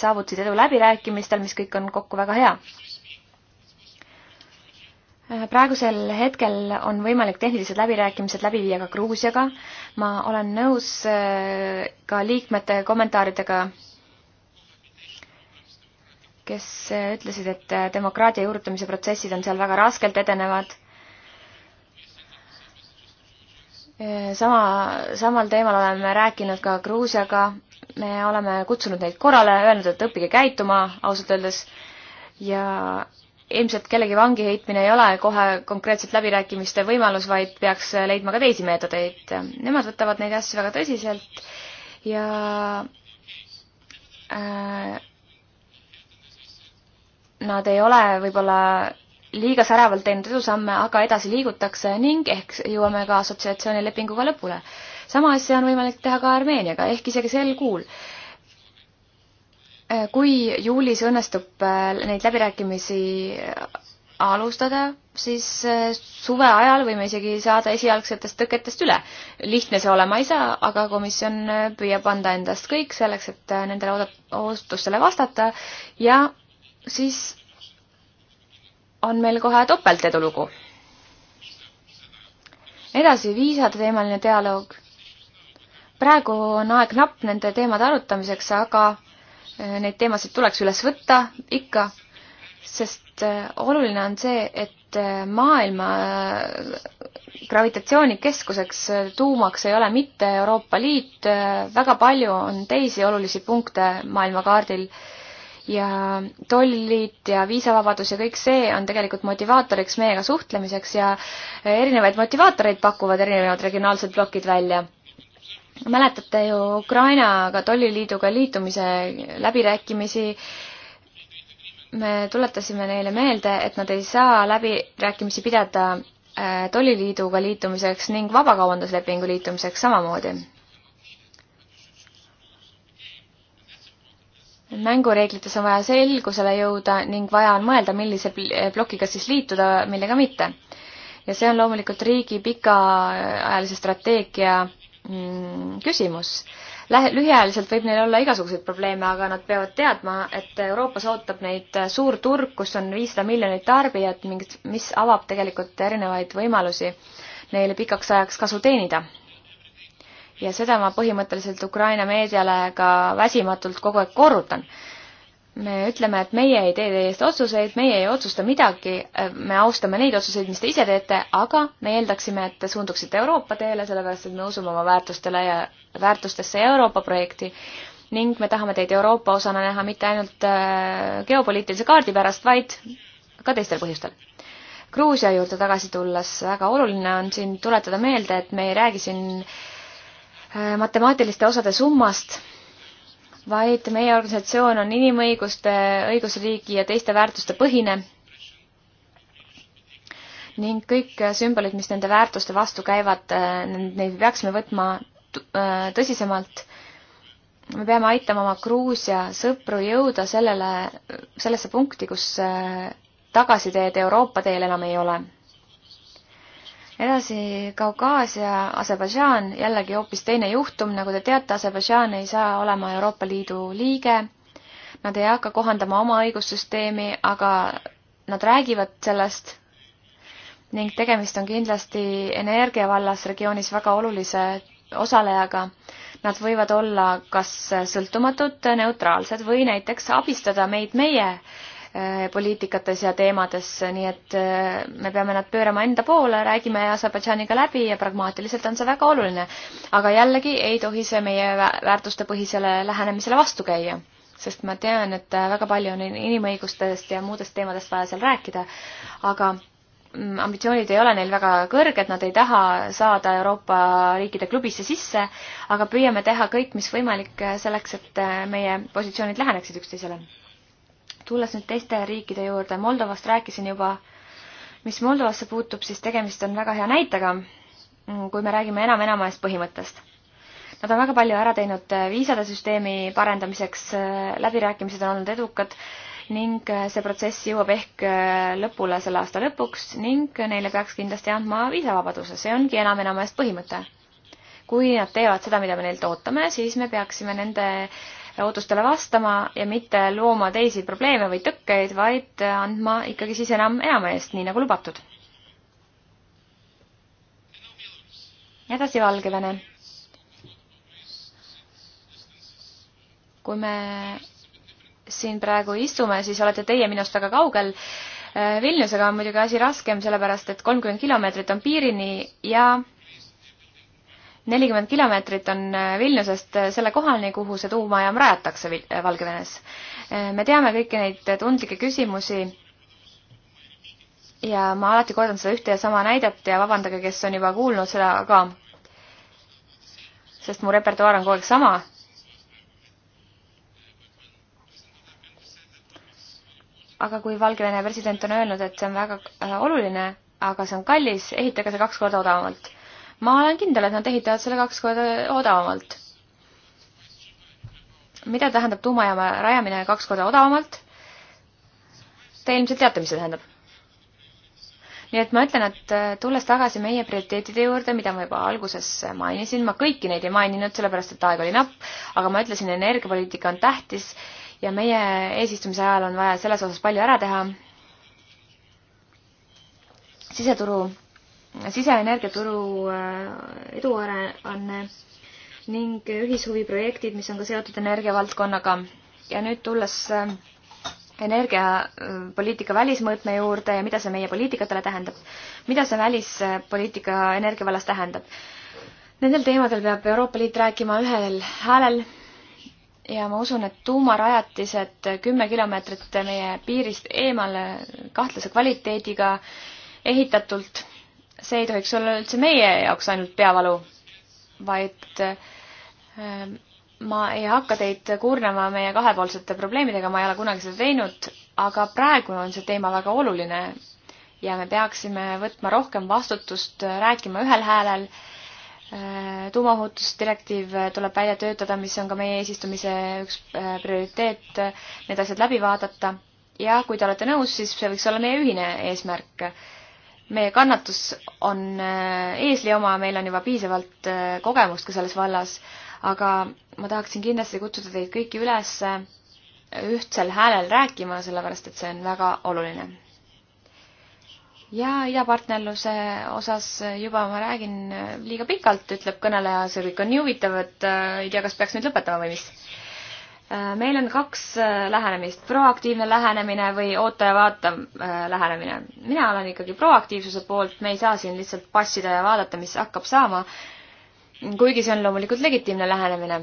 saavutasid edu läbirääkimistel, mis kõik on kokku väga hea praegusel hetkel on võimalik tehnilised läbirääkimised läbi viia ka Gruusiaga. ma olen nõus äh, ka liikmete kommentaaridega, kes äh, ütlesid, et äh, demokraatia juurutamise protsessid on seal väga raskelt edenevad. sama, samal teemal oleme rääkinud ka Gruusiaga, me oleme kutsunud neid korrale, öelnud, et õppige käituma ausalt öeldes ja ilmselt kellegi vangi heitmine ei ole kohe konkreetselt läbirääkimiste võimalus, vaid peaks leidma ka teisi meetodeid. Nemad võtavad neid asju väga tõsiselt ja äh, nad ei ole võib-olla liiga säravalt teinud edusamme, aga edasi liigutakse ning ehk jõuame ka assotsiatsioonilepinguga lõpule. sama asja on võimalik teha ka Armeeniaga, ehk isegi sel kuul äh, Äh, kui juulis õnnestub äh, neid läbirääkimisi äh, alustada, siis suve ajal võime isegi saada esialgsetest tõketest üle. lihtne see olema ei saa, aga komisjon püüab anda endast kõik selleks, et nendele ootustele vastata ja siis on meil kohe topeltedulugu. edasi, viisade teemaline dialoog. praegu on aeg napp nende teemade arutamiseks, aga neid teemasid tuleks üles võtta ikka, sest äh, oluline on see, et äh, maailma äh, gravitatsioonikeskuseks tuumaks ei ole mitte Euroopa Liit, väga palju on teisi olulisi punkte maailmakaardil ja tollid ja viisavabadus ja kõik see on tegelikult motivaatoriks meiega suhtlemiseks ja erinevaid motivaatoreid pakuvad erinevad regionaalsed plokid välja mäletate ju Ukrainaga tolliliiduga liitumise läbirääkimisi, me tuletasime neile meelde, et nad ei saa läbirääkimisi pidada äh, tolliliiduga liitumiseks ning vabakaubanduslepingu liitumiseks samamoodi. mängureeglites on vaja selgusele jõuda ning vaja on mõelda, millise äh, plokiga siis liituda, millega mitte. ja see on loomulikult riigi pikaajalise strateegia Mm, küsimus. Lähe-, lühiajaliselt võib neil olla igasuguseid probleeme, aga nad peavad teadma, et Euroopas ootab neid äh, suur turg, kus on viissada miljonit tarbijat, mingit, mis avab tegelikult erinevaid võimalusi neile pikaks ajaks kasu teenida. ja seda ma põhimõtteliselt Ukraina meediale ka väsimatult kogu aeg korrutan me ütleme, et meie ei tee teie eest otsuseid, meie ei otsusta midagi, me austame neid otsuseid, mis te ise teete, aga me eeldaksime, et te suunduksite Euroopa teele, sellepärast et me usume oma väärtustele ja väärtustesse ja Euroopa projekti ning me tahame teid Euroopa osana näha mitte ainult äh, geopoliitilise kaardi pärast, vaid ka teistel põhjustel. Gruusia juurde tagasi tulles väga oluline on siin tuletada meelde, et me ei räägi siin äh, matemaatiliste osade summast, vaid meie organisatsioon on inimõiguste, õigusriigi ja teiste väärtuste põhine ning kõik sümbolid, mis nende väärtuste vastu käivad, äh, neid peaksime võtma äh, tõsisemalt. me peame aitama oma Gruusia sõpru jõuda sellele, sellesse punkti, kus äh, tagasiteed Euroopa teel enam ei ole edasi Kaukaasia, Aserbaidžaan, jällegi hoopis teine juhtum, nagu te teate, Aserbaidžaan ei saa olema Euroopa Liidu liige. Nad ei hakka kohandama oma õigussüsteemi, aga nad räägivad sellest ning tegemist on kindlasti energia vallas regioonis väga olulise osalejaga. Nad võivad olla kas sõltumatud, neutraalsed või näiteks abistada meid meie Eh, poliitikates ja teemades, nii et eh, me peame nad pöörama enda poole, räägime Aserbaidžaaniga läbi ja pragmaatiliselt on see väga oluline. aga jällegi ei tohi see meie väärtustepõhisele lähenemisele vastu käia, sest ma tean, et eh, väga palju on inimõigustest ja muudest teemadest vaja seal rääkida, aga mm, ambitsioonid ei ole neil väga kõrged, nad ei taha saada Euroopa riikide klubisse sisse, aga püüame teha kõik, mis võimalik selleks, et meie positsioonid läheneksid üksteisele tulles nüüd teiste riikide juurde, Moldovast rääkisin juba, mis Moldovasse puutub, siis tegemist on väga hea näitega, kui me räägime enam enama eest põhimõttest. Nad on väga palju ära teinud äh, viisade süsteemi parendamiseks, äh, läbirääkimised on olnud edukad ning äh, see protsess jõuab ehk lõpule selle aasta lõpuks ning neile peaks kindlasti andma viisavabaduse, see ongi enam enama eest põhimõte kui nad teevad seda, mida me neilt ootame, siis me peaksime nende ootustele vastama ja mitte looma teisi probleeme või tõkkeid, vaid andma ikkagi siis enam enama eest, nii nagu lubatud. edasi Valgevene. kui me siin praegu istume, siis olete teie minust väga kaugel. Vilniusega on muidugi asi raskem, sellepärast et kolmkümmend kilomeetrit on piirini ja nelikümmend kilomeetrit on äh, Vilniusest äh, selle kohani, kuhu see tuumajaam rajatakse äh, Valgevenes. me teame kõiki neid tundlikke küsimusi ja ma alati kordan seda ühte ja sama näidet ja vabandage, kes on juba kuulnud seda, aga sest mu repertuaar on kogu aeg sama. aga kui Valgevene president on öelnud, et see on väga oluline, aga see on kallis, ehitage see kaks korda odavamalt ma olen kindel, et nad ehitavad selle kaks korda odavamalt. mida tähendab tuumajaama rajamine kaks korda odavamalt? Te ilmselt teate, mis see tähendab. nii et ma ütlen, et äh, tulles tagasi meie prioriteetide juurde, mida ma juba alguses mainisin, ma kõiki neid ei maininud, sellepärast et aeg oli napp, aga ma ütlesin, energiapoliitika on tähtis ja meie eesistumise ajal on vaja selles osas palju ära teha. siseturu siseenergiaturu äh, eduarenne ning ühishuviprojektid, mis on ka seotud energiavaldkonnaga. ja nüüd tulles äh, energiapoliitika välismõõtme juurde ja mida see meie poliitikatele tähendab, mida see välispoliitika energia vallas tähendab. Nendel teemadel peab Euroopa Liit rääkima ühel häälel ja ma usun, et tuumarajatised kümme kilomeetrit meie piirist eemale kahtlase kvaliteediga ehitatult see ei tohiks olla üldse meie jaoks ainult peavalu, vaid ähm, ma ei hakka teid kurnama meie kahepoolsete probleemidega, ma ei ole kunagi seda teinud, aga praegu on see teema väga oluline ja me peaksime võtma rohkem vastutust, rääkima ühel häälel. Äh, tuumaohutusdirektiiv tuleb välja töötada, mis on ka meie eesistumise üks äh, prioriteet, need asjad läbi vaadata ja kui te olete nõus, siis see võiks olla meie ühine eesmärk meie kannatus on äh, eesli oma, meil on juba piisavalt äh, kogemust ka selles vallas, aga ma tahaksin kindlasti kutsuda teid kõiki üles äh, ühtsel häälel rääkima, sellepärast et see on väga oluline. ja idapartnerluse osas juba ma räägin liiga pikalt, ütleb kõneleja, see kõik on nii huvitav, et ei tea, kas peaks nüüd lõpetama või mis Äh, meil on kaks äh, lähenemist, proaktiivne lähenemine või oota ja vaata äh, lähenemine. mina olen ikkagi proaktiivsuse poolt, me ei saa siin lihtsalt passida ja vaadata, mis hakkab saama. kuigi see on loomulikult legitiimne lähenemine.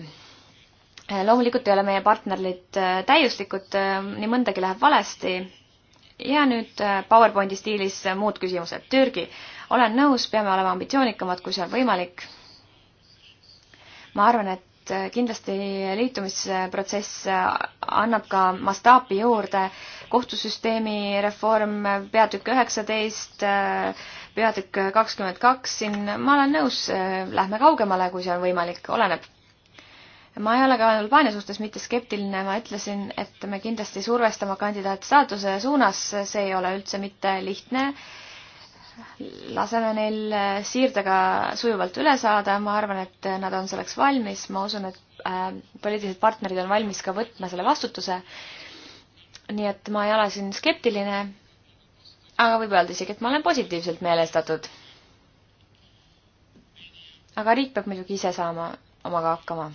loomulikult ei ole meie partnerid täiuslikud, nii mõndagi läheb valesti. ja nüüd PowerPointi stiilis muud küsimused. Türgi, olen nõus, peame olema ambitsioonikamad, kui see on võimalik. ma arvan, et et kindlasti liitumisprotsess annab ka mastaapi juurde. kohtusüsteemi reform, peatükk üheksateist, peatükk kakskümmend kaks, siin ma olen nõus, lähme kaugemale, kui see on võimalik, oleneb. ma ei ole ka Albaania suhtes mitte skeptiline, ma ütlesin, et me kindlasti survestame kandidaatstaatuse suunas, see ei ole üldse mitte lihtne laseme neil äh, siirdega sujuvalt üle saada, ma arvan, et nad on selleks valmis, ma usun, et äh, poliitilised partnerid on valmis ka võtma selle vastutuse. nii et ma ei ole siin skeptiline, aga võib öelda isegi, et ma olen positiivselt meelestatud. aga riik peab muidugi ise saama omaga hakkama.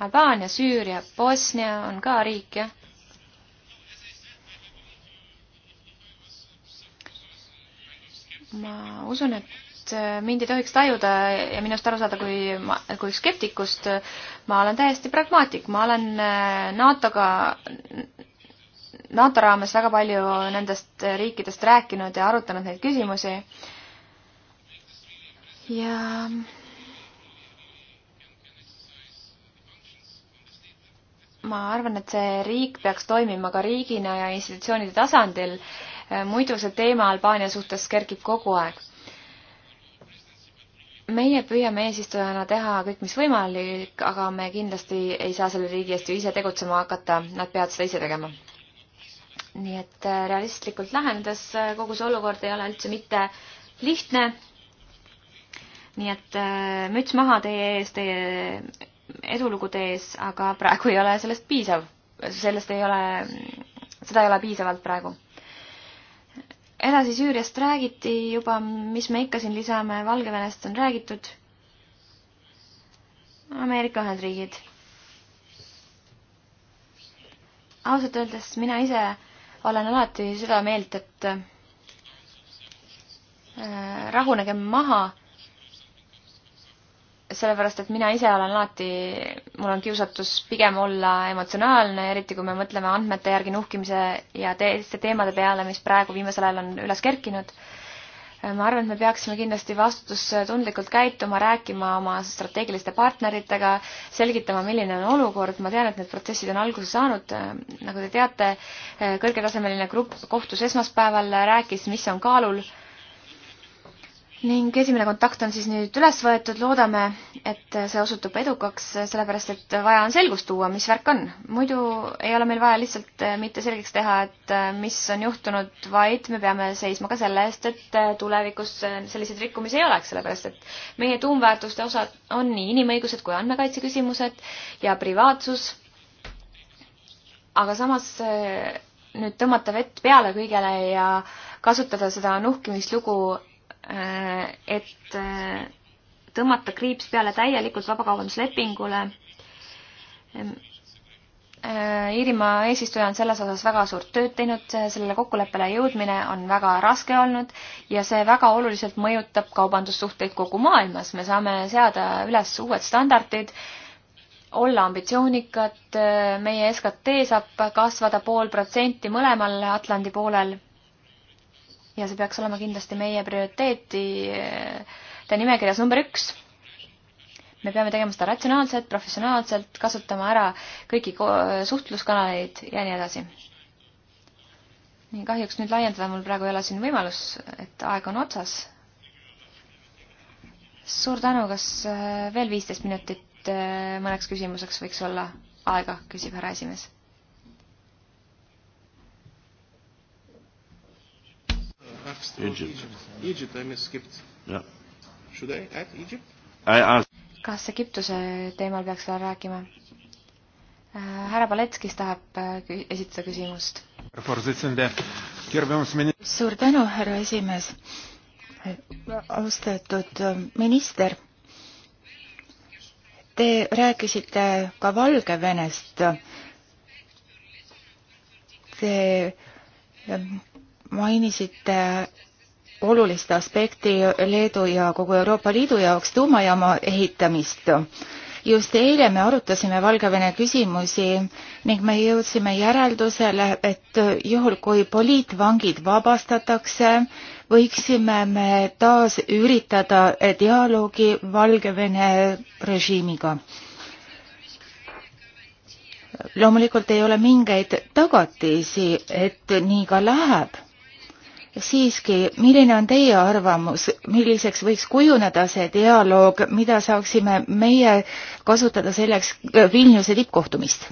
Albaania, Süüria, Bosnia on ka riik, jah ma usun, et äh, mind ei tohiks tajuda ja minust aru saada kui, kui skeptikust. ma olen täiesti pragmaatik, ma olen äh, NATO-ga, NATO raames väga palju nendest riikidest rääkinud ja arutanud neid küsimusi. ja ma arvan, et see riik peaks toimima ka riigina ja institutsioonide tasandil, muidu see teema Albaania suhtes kerkib kogu aeg. meie püüame eesistujana teha kõik, mis võimalik, aga me kindlasti ei saa selle riigi eest ju ise tegutsema hakata, nad peavad seda ise tegema. nii et äh, realistlikult lähenedes äh, kogu see olukord ei ole üldse mitte lihtne. nii et äh, müts maha teie ees, teie edulugude ees, aga praegu ei ole sellest piisav, sellest ei ole, seda ei ole piisavalt praegu. edasi Süüriast räägiti juba, mis me ikka siin lisame, Valgevenest on räägitud. Ameerika Ühendriigid. ausalt öeldes mina ise olen alati seda meelt, et äh, rahunegem maha sellepärast, et mina ise olen alati, mul on kiusatus pigem olla emotsionaalne, eriti kui me mõtleme andmete järgi nuhkimise ja teiste teemade peale, mis praegu viimasel ajal on üles kerkinud. ma arvan, et me peaksime kindlasti vastutustundlikult käituma, rääkima oma strateegiliste partneritega, selgitama, milline on olukord, ma tean, et need protsessid on alguse saanud, nagu te teate, kõrgetasemeline grupp kohtus esmaspäeval, rääkis, mis on kaalul ning esimene kontakt on siis nüüd üles võetud, loodame, et see osutub edukaks, sellepärast et vaja on selgust tuua, mis värk on. muidu ei ole meil vaja lihtsalt eh, mitte selgeks teha, et eh, mis on juhtunud, vaid me peame seisma ka selle eest, et eh, tulevikus selliseid rikkumisi ei oleks, sellepärast et meie tuumväärtuste osad on nii inimõigused kui andmekaitse küsimused ja privaatsus. aga samas nüüd tõmmata vett peale kõigele ja kasutada seda nuhkimislugu Äh, et äh, tõmmata kriips peale täielikult vabakaubanduslepingule. Ehm, äh, Iirimaa eesistuja on selles osas väga suurt tööd teinud, sellele kokkuleppele jõudmine on väga raske olnud ja see väga oluliselt mõjutab kaubandussuhteid kogu maailmas. me saame seada üles uued standardid, olla ambitsioonikad, meie SKT saab kasvada pool protsenti mõlemal Atlandi poolel ja see peaks olema kindlasti meie prioriteetide nimekirjas number üks. me peame tegema seda ratsionaalselt, professionaalselt, kasutama ära kõiki suhtluskanaleid ja nii edasi. nii, kahjuks nüüd laiendada mul praegu ei ole siin võimalus, et aeg on otsas. suur tänu, kas äh, veel viisteist minutit äh, mõneks küsimuseks võiks olla aega, küsib härra esimees have still Egypt. Egypt. Egypt, I skipped. jah. Should I add Egypt? I asked. kas Egiptuse teemal peaks veel rääkima? Äh, härra Paletskis tahab äh, esitada küsimust. suur tänu, härra esimees. austatud äh, minister, te rääkisite ka Valgevenest. Te mainisite olulist aspekti Leedu ja kogu Euroopa Liidu jaoks tuumajaama ehitamist. just eile me arutasime Valgevene küsimusi ning me jõudsime järeldusele, et juhul, kui poliitvangid vabastatakse, võiksime me taas üritada dialoogi Valgevene režiimiga loomulikult ei ole mingeid tagatisi, et nii ka läheb, siiski, milline on teie arvamus, milliseks võiks kujuneda see dialoog, mida saaksime meie kasutada selleks äh, Vilniuse tippkohtumist?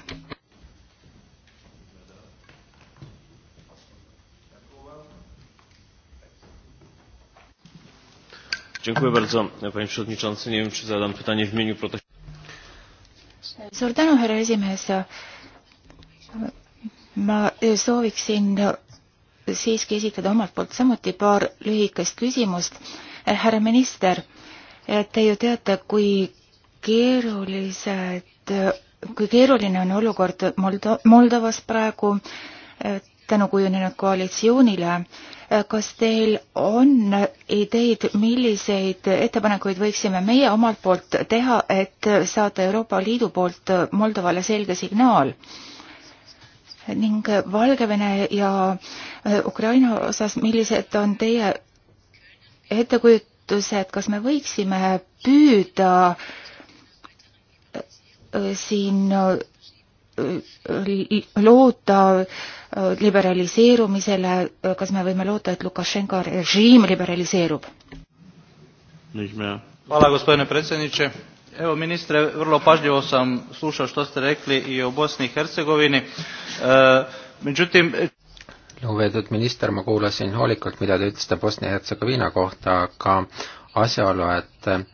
Dziękuję bardzo, panie przewodniczący. Nie wiem, czy zadam pytanie w imieniu protestu. Suur tänu, härra esimees. ma sooviksin siiski esitada omalt poolt samuti paar lühikest küsimust. Eh, härra minister, eh, te ju teate, kui keerulised, eh, kui keeruline on olukord Moldo-, Moldovas praegu tänu kujunenud koalitsioonile. kas teil on ideid, milliseid ettepanekuid võiksime meie omalt poolt teha, et saada Euroopa Liidu poolt Moldovale selge signaal? ning Valgevene ja äh, Ukraina osas, millised on teie ettekujutused, kas me võiksime püüda äh, siin äh, loota liberaliseerumisele, kas me võime loota, et Lukašenka režiim liberaliseerub? Hvala gospodine predsjedniče Evo ministre, vrlo pažljivo sam slušao što ste rekli i o Bosni i Hercegovini. E, međutim... lugupeetud minister, ma kuulasin hoolikalt, mida te ütlesite Bosnia-Hertsegoviina kohta, aga asjaolu, et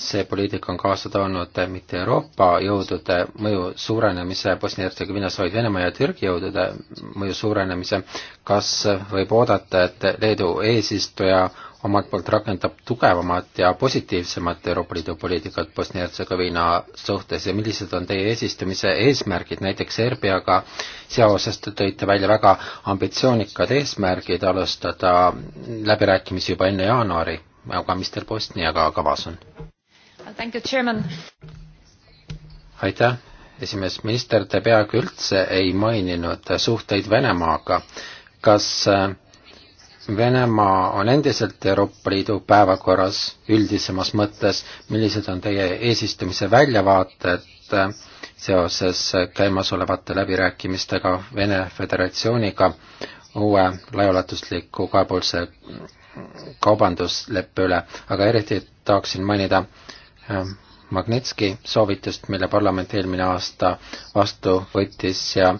see poliitika on kaasa toonud mitte Euroopa jõudude mõju suurenemise Bosnia-Hertsegoviinas, vaid Venemaa ja Türgi jõudude mõju suurenemise. kas võib oodata, et Leedu eesistuja omalt poolt rakendab tugevamat ja positiivsemat Euroopa Liidu poliitikat Bosnia-Hertsegoviina suhtes ja millised on teie eesistumise eesmärgid, näiteks Serbiaga seoses te tõite välja väga ambitsioonikad eesmärgid alustada läbirääkimisi juba enne jaanuari, aga mis teil Bosniaga kavas on? aitäh, esimees minister, te peaaegu üldse ei maininud suhteid Venemaaga, kas äh, Venemaa on endiselt Euroopa Liidu päevakorras üldisemas mõttes, millised on teie eesistumise väljavaated äh, seoses äh, käimasolevate läbirääkimistega Vene Föderatsiooniga uue laiaulatusliku kahepoolse äh, kaubandusleppe üle, aga eriti tahaksin mainida Magnitski soovitust, mille parlament eelmine aasta vastu võttis ja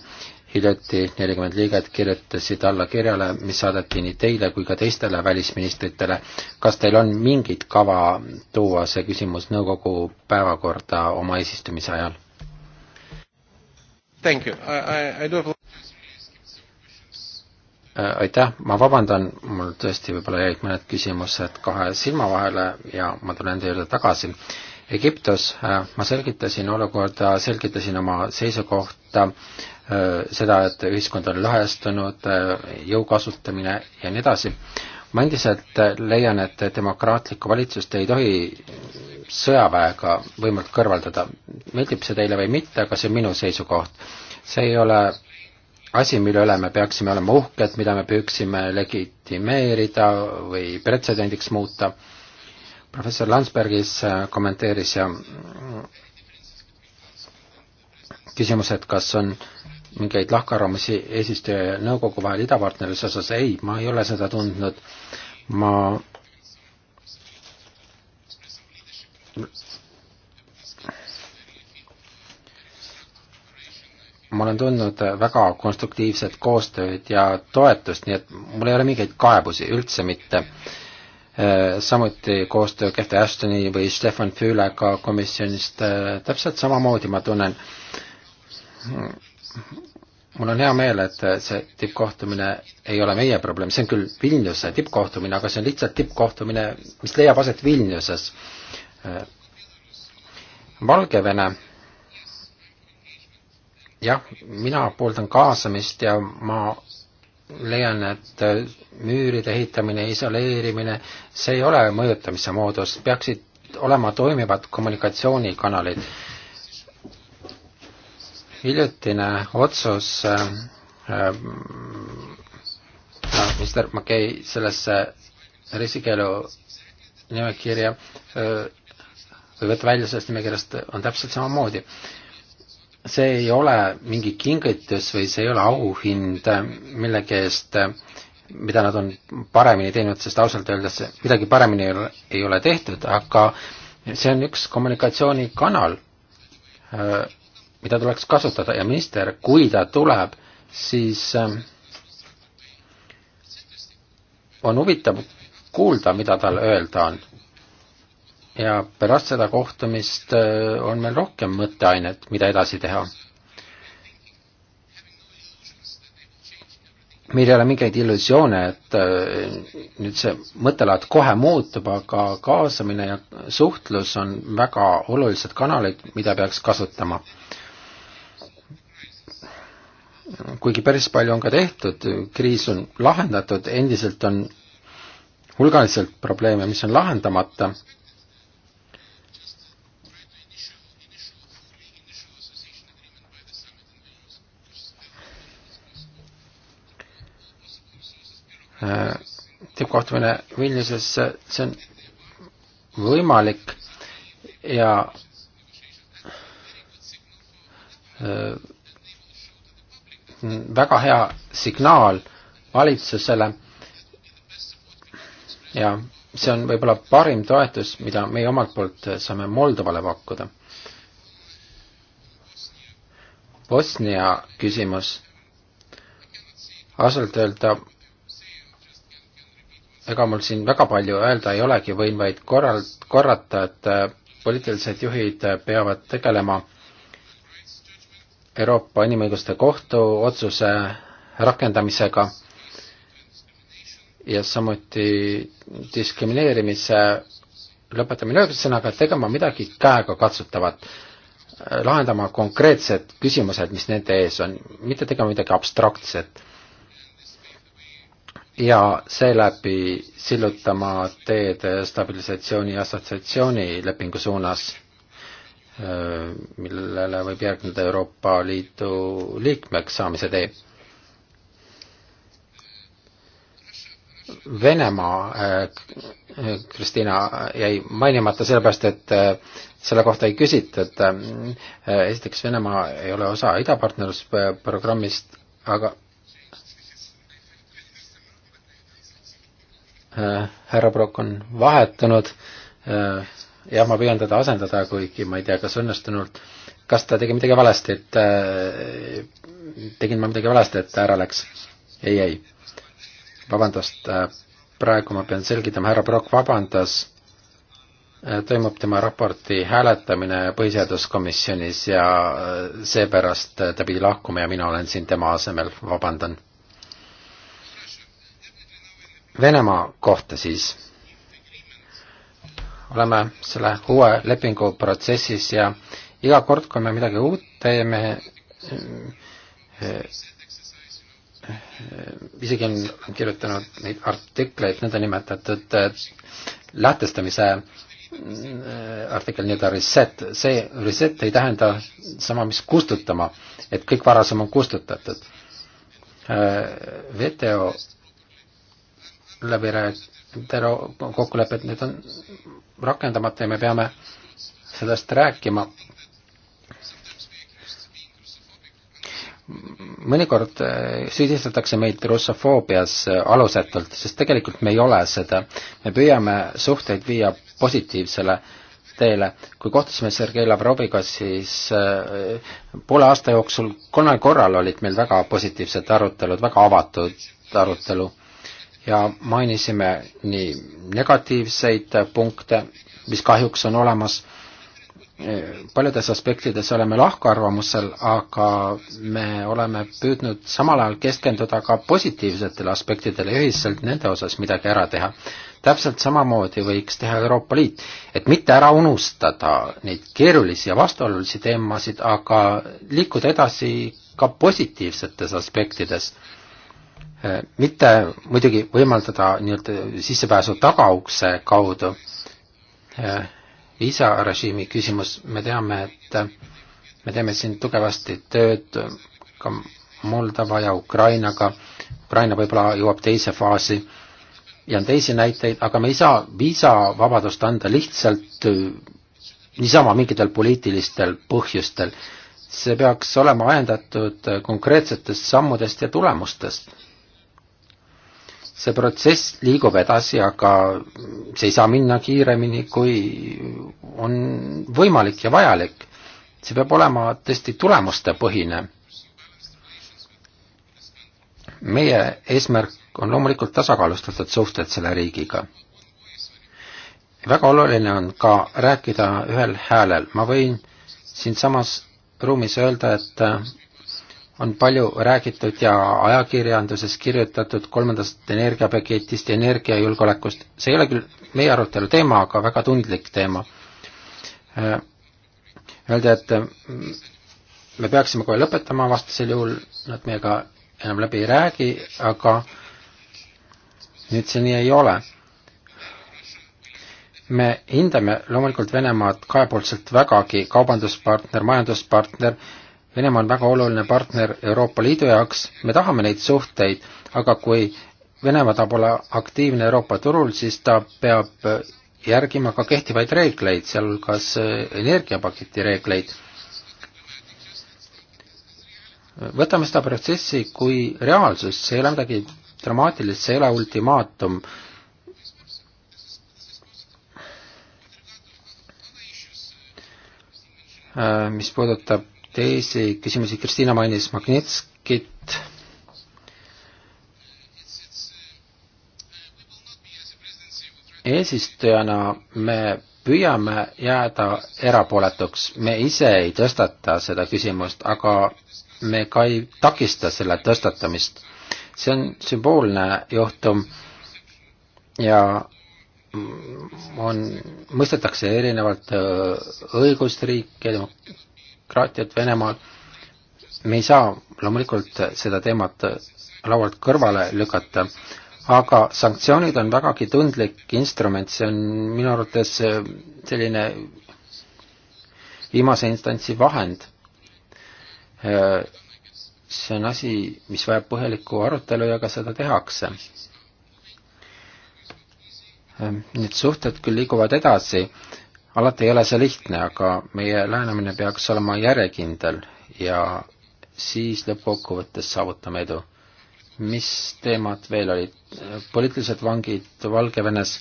hiljuti nelikümmend liiget kirjutasid alla kirjale, mis saadeti nii teile kui ka teistele välisministritele. kas teil on mingit kava tuua see küsimus nõukogu päevakorda oma eesistumise ajal? Have... Äh, aitäh, ma vabandan, mul tõesti võib-olla jäid mõned küsimused kahe silma vahele ja ma tulen teie juurde tagasi Egiptus äh, ma selgitasin olukorda, selgitasin oma seisukohta, äh, seda, et ühiskond on lõhestunud, äh, jõu kasutamine ja nii edasi. ma endiselt leian, et demokraatlikku valitsust ei tohi sõjaväega võimult kõrvaldada. meeldib see teile või mitte, aga see on minu seisukoht. see ei ole asi, mille üle me peaksime olema uhked, mida me püüaksime legitimeerida või pretsedendiks muuta professor Landsbergis äh, kommenteeris ja mm, küsimus, et kas on mingeid lahkarvamusi eesistuja ja nõukogu vahel idapartnerluse osas, ei, ma ei ole seda tundnud. ma ma olen tundnud väga konstruktiivset koostööd ja toetust, nii et mul ei ole mingeid kaebusi, üldse mitte äh, Äh, samuti koostöö Kehte Ashtoni või Stefan Füülega komisjonist äh, täpselt samamoodi ma tunnen. mul on hea meel, et see tippkohtumine ei ole meie probleem, see on küll Vilniuse tippkohtumine, aga see on lihtsalt tippkohtumine, mis leiab aset Vilniuses. Äh, Valgevene, jah, mina pooldan kaasamist ja ma leian, et äh, müüride ehitamine, isoleerimine, see ei ole mõjutamise moodus, peaksid olema toimivad kommunikatsioonikanalid. hiljutine otsus äh, äh, minister Makei sellesse riskikeelu nimekirja äh, või võtta välja sellest nimekirjast, on täpselt samamoodi äh, see ei ole mingi kingitus või see ei ole auhind äh, millegi eest, äh, mida nad on paremini teinud, sest ausalt öeldes midagi paremini ei ole, ei ole tehtud, aga see on üks kommunikatsioonikanal, äh, mida tuleks kasutada ja minister, kui ta tuleb, siis on huvitav kuulda, mida tal öelda on ja pärast seda kohtumist äh, on meil rohkem mõtteainet, mida edasi teha. meil ei ole mingeid illusioone, et äh, nüüd see mõttelaad kohe muutub, aga kaasamine ja suhtlus on väga olulised kanalid, mida peaks kasutama. kuigi päris palju on ka tehtud, kriis on lahendatud, endiselt on hulgaliselt probleeme, mis on lahendamata tippkohtumine Vilniuses, see on võimalik ja äh, väga hea signaal valitsusele ja see on võib-olla parim toetus, mida meie omalt poolt saame Moldovale pakkuda. Bosnia küsimus, ausalt öelda ega mul siin väga palju öelda ei olegi, võin vaid korral, korrata, et äh, poliitilised juhid äh, peavad tegelema Euroopa Inimõiguste Kohtu otsuse rakendamisega ja samuti diskrimineerimise lõpetamine, ühesõnaga tegema midagi käegakatsutavat, äh, lahendama konkreetsed küsimused, mis nende ees on, mitte tegema midagi abstraktset ja seeläbi sillutama teed stabilisatsiooni assotsiatsiooni lepingu suunas, äh, millele võib järgneda Euroopa Liidu liikmeks saamise tee. Venemaa, äh, Kristina, jäi mainimata sellepärast, et äh, selle kohta ei küsitud, esiteks Venemaa ei ole osa idapartnerlusprogrammist, aga Äh, härra Brock on vahetunud, äh, jah, ma püüan teda asendada, kuigi ma ei tea, kas õnnestunult, kas ta tegi midagi valesti, et äh, tegin ma midagi valesti, et ta ära läks? ei, ei. vabandust, praegu ma pean selgitama, härra Brock vabandas, toimub tema raporti hääletamine põhiseaduskomisjonis ja seepärast ta pidi lahkuma ja mina olen siin tema asemel, vabandan Venemaa kohta siis. oleme selle uue lepingu protsessis ja iga kord, kui me midagi uut teeme, eh, isegi on kirjutanud neid artikleid, nõndanimetatud eh, lähtestamise eh, artikkel nii-öelda reset, see reset ei tähenda sama, mis kustutama, et kõik varasem on kustutatud. WTO läbirääkimiste kokkulepped, need on rakendamata ja me peame sellest rääkima. mõnikord eh, süüdistatakse meid russofoobias eh, alusetult, sest tegelikult me ei ole seda. me püüame suhteid viia positiivsele teele. kui kohtusime Sergei Lavroviga, siis eh, poole aasta jooksul kolmel korral olid meil väga positiivsed arutelud, väga avatud arutelu ja mainisime nii negatiivseid punkte, mis kahjuks on olemas, paljudes aspektides oleme lahkarvamusel, aga me oleme püüdnud samal ajal keskenduda ka positiivsetele aspektidele ja ühiselt nende osas midagi ära teha. täpselt samamoodi võiks teha Euroopa Liit, et mitte ära unustada neid keerulisi ja vastuolulisi teemasid, aga liikuda edasi ka positiivsetes aspektides Äh, mitte muidugi võimaldada nii-öelda sissepääsu tagaukse kaudu. viisarežiimi äh, küsimus, me teame, et äh, me teeme siin tugevasti tööd ka Moldova ja Ukrainaga, Ukraina võib-olla jõuab teise faasi ja on teisi näiteid, aga me ei saa viisavabadust anda lihtsalt niisama mingitel poliitilistel põhjustel. see peaks olema ajendatud konkreetsetest sammudest ja tulemustest see protsess liigub edasi, aga see ei saa minna kiiremini, kui on võimalik ja vajalik. see peab olema tõesti tulemustepõhine. meie eesmärk on loomulikult tasakaalustatud suhted selle riigiga. väga oluline on ka rääkida ühel häälel, ma võin siinsamas ruumis öelda, et on palju räägitud ja ajakirjanduses kirjutatud kolmandast energiapaketist ja energiajulgeolekust. see ei ole küll meie arutelu teema, aga väga tundlik teema. Äh, öelda, et mm, me peaksime kohe lõpetama, vastasel juhul nad meiega enam läbi ei räägi, aga nüüd see nii ei ole. me hindame loomulikult Venemaad kahepoolselt vägagi, kaubanduspartner, majanduspartner, Venemaa on väga oluline partner Euroopa Liidu jaoks, me tahame neid suhteid, aga kui Venemaa tahab olla aktiivne Euroopa turul, siis ta peab järgima ka kehtivaid reegleid, sealhulgas äh, energiapaketi reegleid. võtame seda protsessi kui reaalsust, see ei ole midagi dramaatilist, see ei ole ultimaatum. Äh, mis puudutab teisi küsimusi, Kristiina mainis Magnitskit. eesistujana me püüame jääda erapooletuks, me ise ei tõstata seda küsimust, aga me ka ei takista selle tõstatamist. see on sümboolne juhtum ja on, mõistetakse erinevalt äh, õigusriiki ja demokraatiat Venemaal. me ei saa loomulikult seda teemat laualt kõrvale lükata, aga sanktsioonid on vägagi tundlik instrument, see on minu arvates selline viimase instantsi vahend. see on asi, mis vajab põhjalikku arutelu ja ka seda tehakse need suhted küll liiguvad edasi, alati ei ole see lihtne, aga meie lähenemine peaks olema järjekindel ja siis lõppkokkuvõttes saavutame edu. mis teemad veel olid? poliitilised vangid Valgevenes.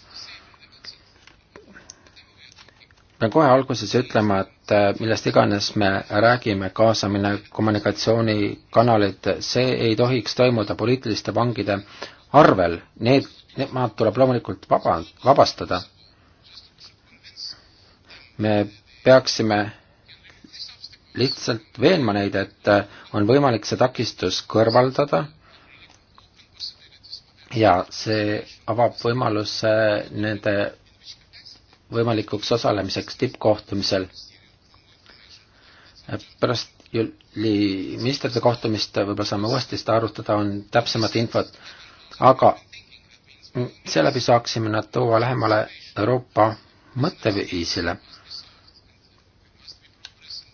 pean kohe alguses ütlema, et äh, millest iganes me räägime, kaasamine, kommunikatsioonikanalid, see ei tohiks toimuda poliitiliste vangide arvel, need, nemad tuleb loomulikult vaba, vabastada me peaksime lihtsalt veenma neid, et äh, on võimalik see takistus kõrvaldada ja see avab võimaluse äh, nende võimalikuks osalemiseks tippkohtumisel. Äh, pärast Jüli ministrite kohtumist võib-olla saame uuesti seda arutada, on täpsemat infot, aga seeläbi saaksime nad tuua lähemale Euroopa mõtteviisile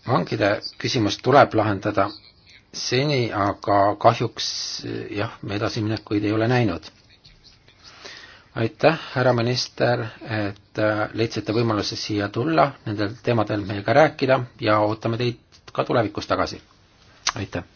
vangide küsimus tuleb lahendada seni, aga kahjuks jah, me edasiminekuid ei ole näinud. aitäh, härra minister, et äh, leidsite võimaluse siia tulla, nendel teemadel meiega rääkida ja ootame teid ka tulevikus tagasi. aitäh!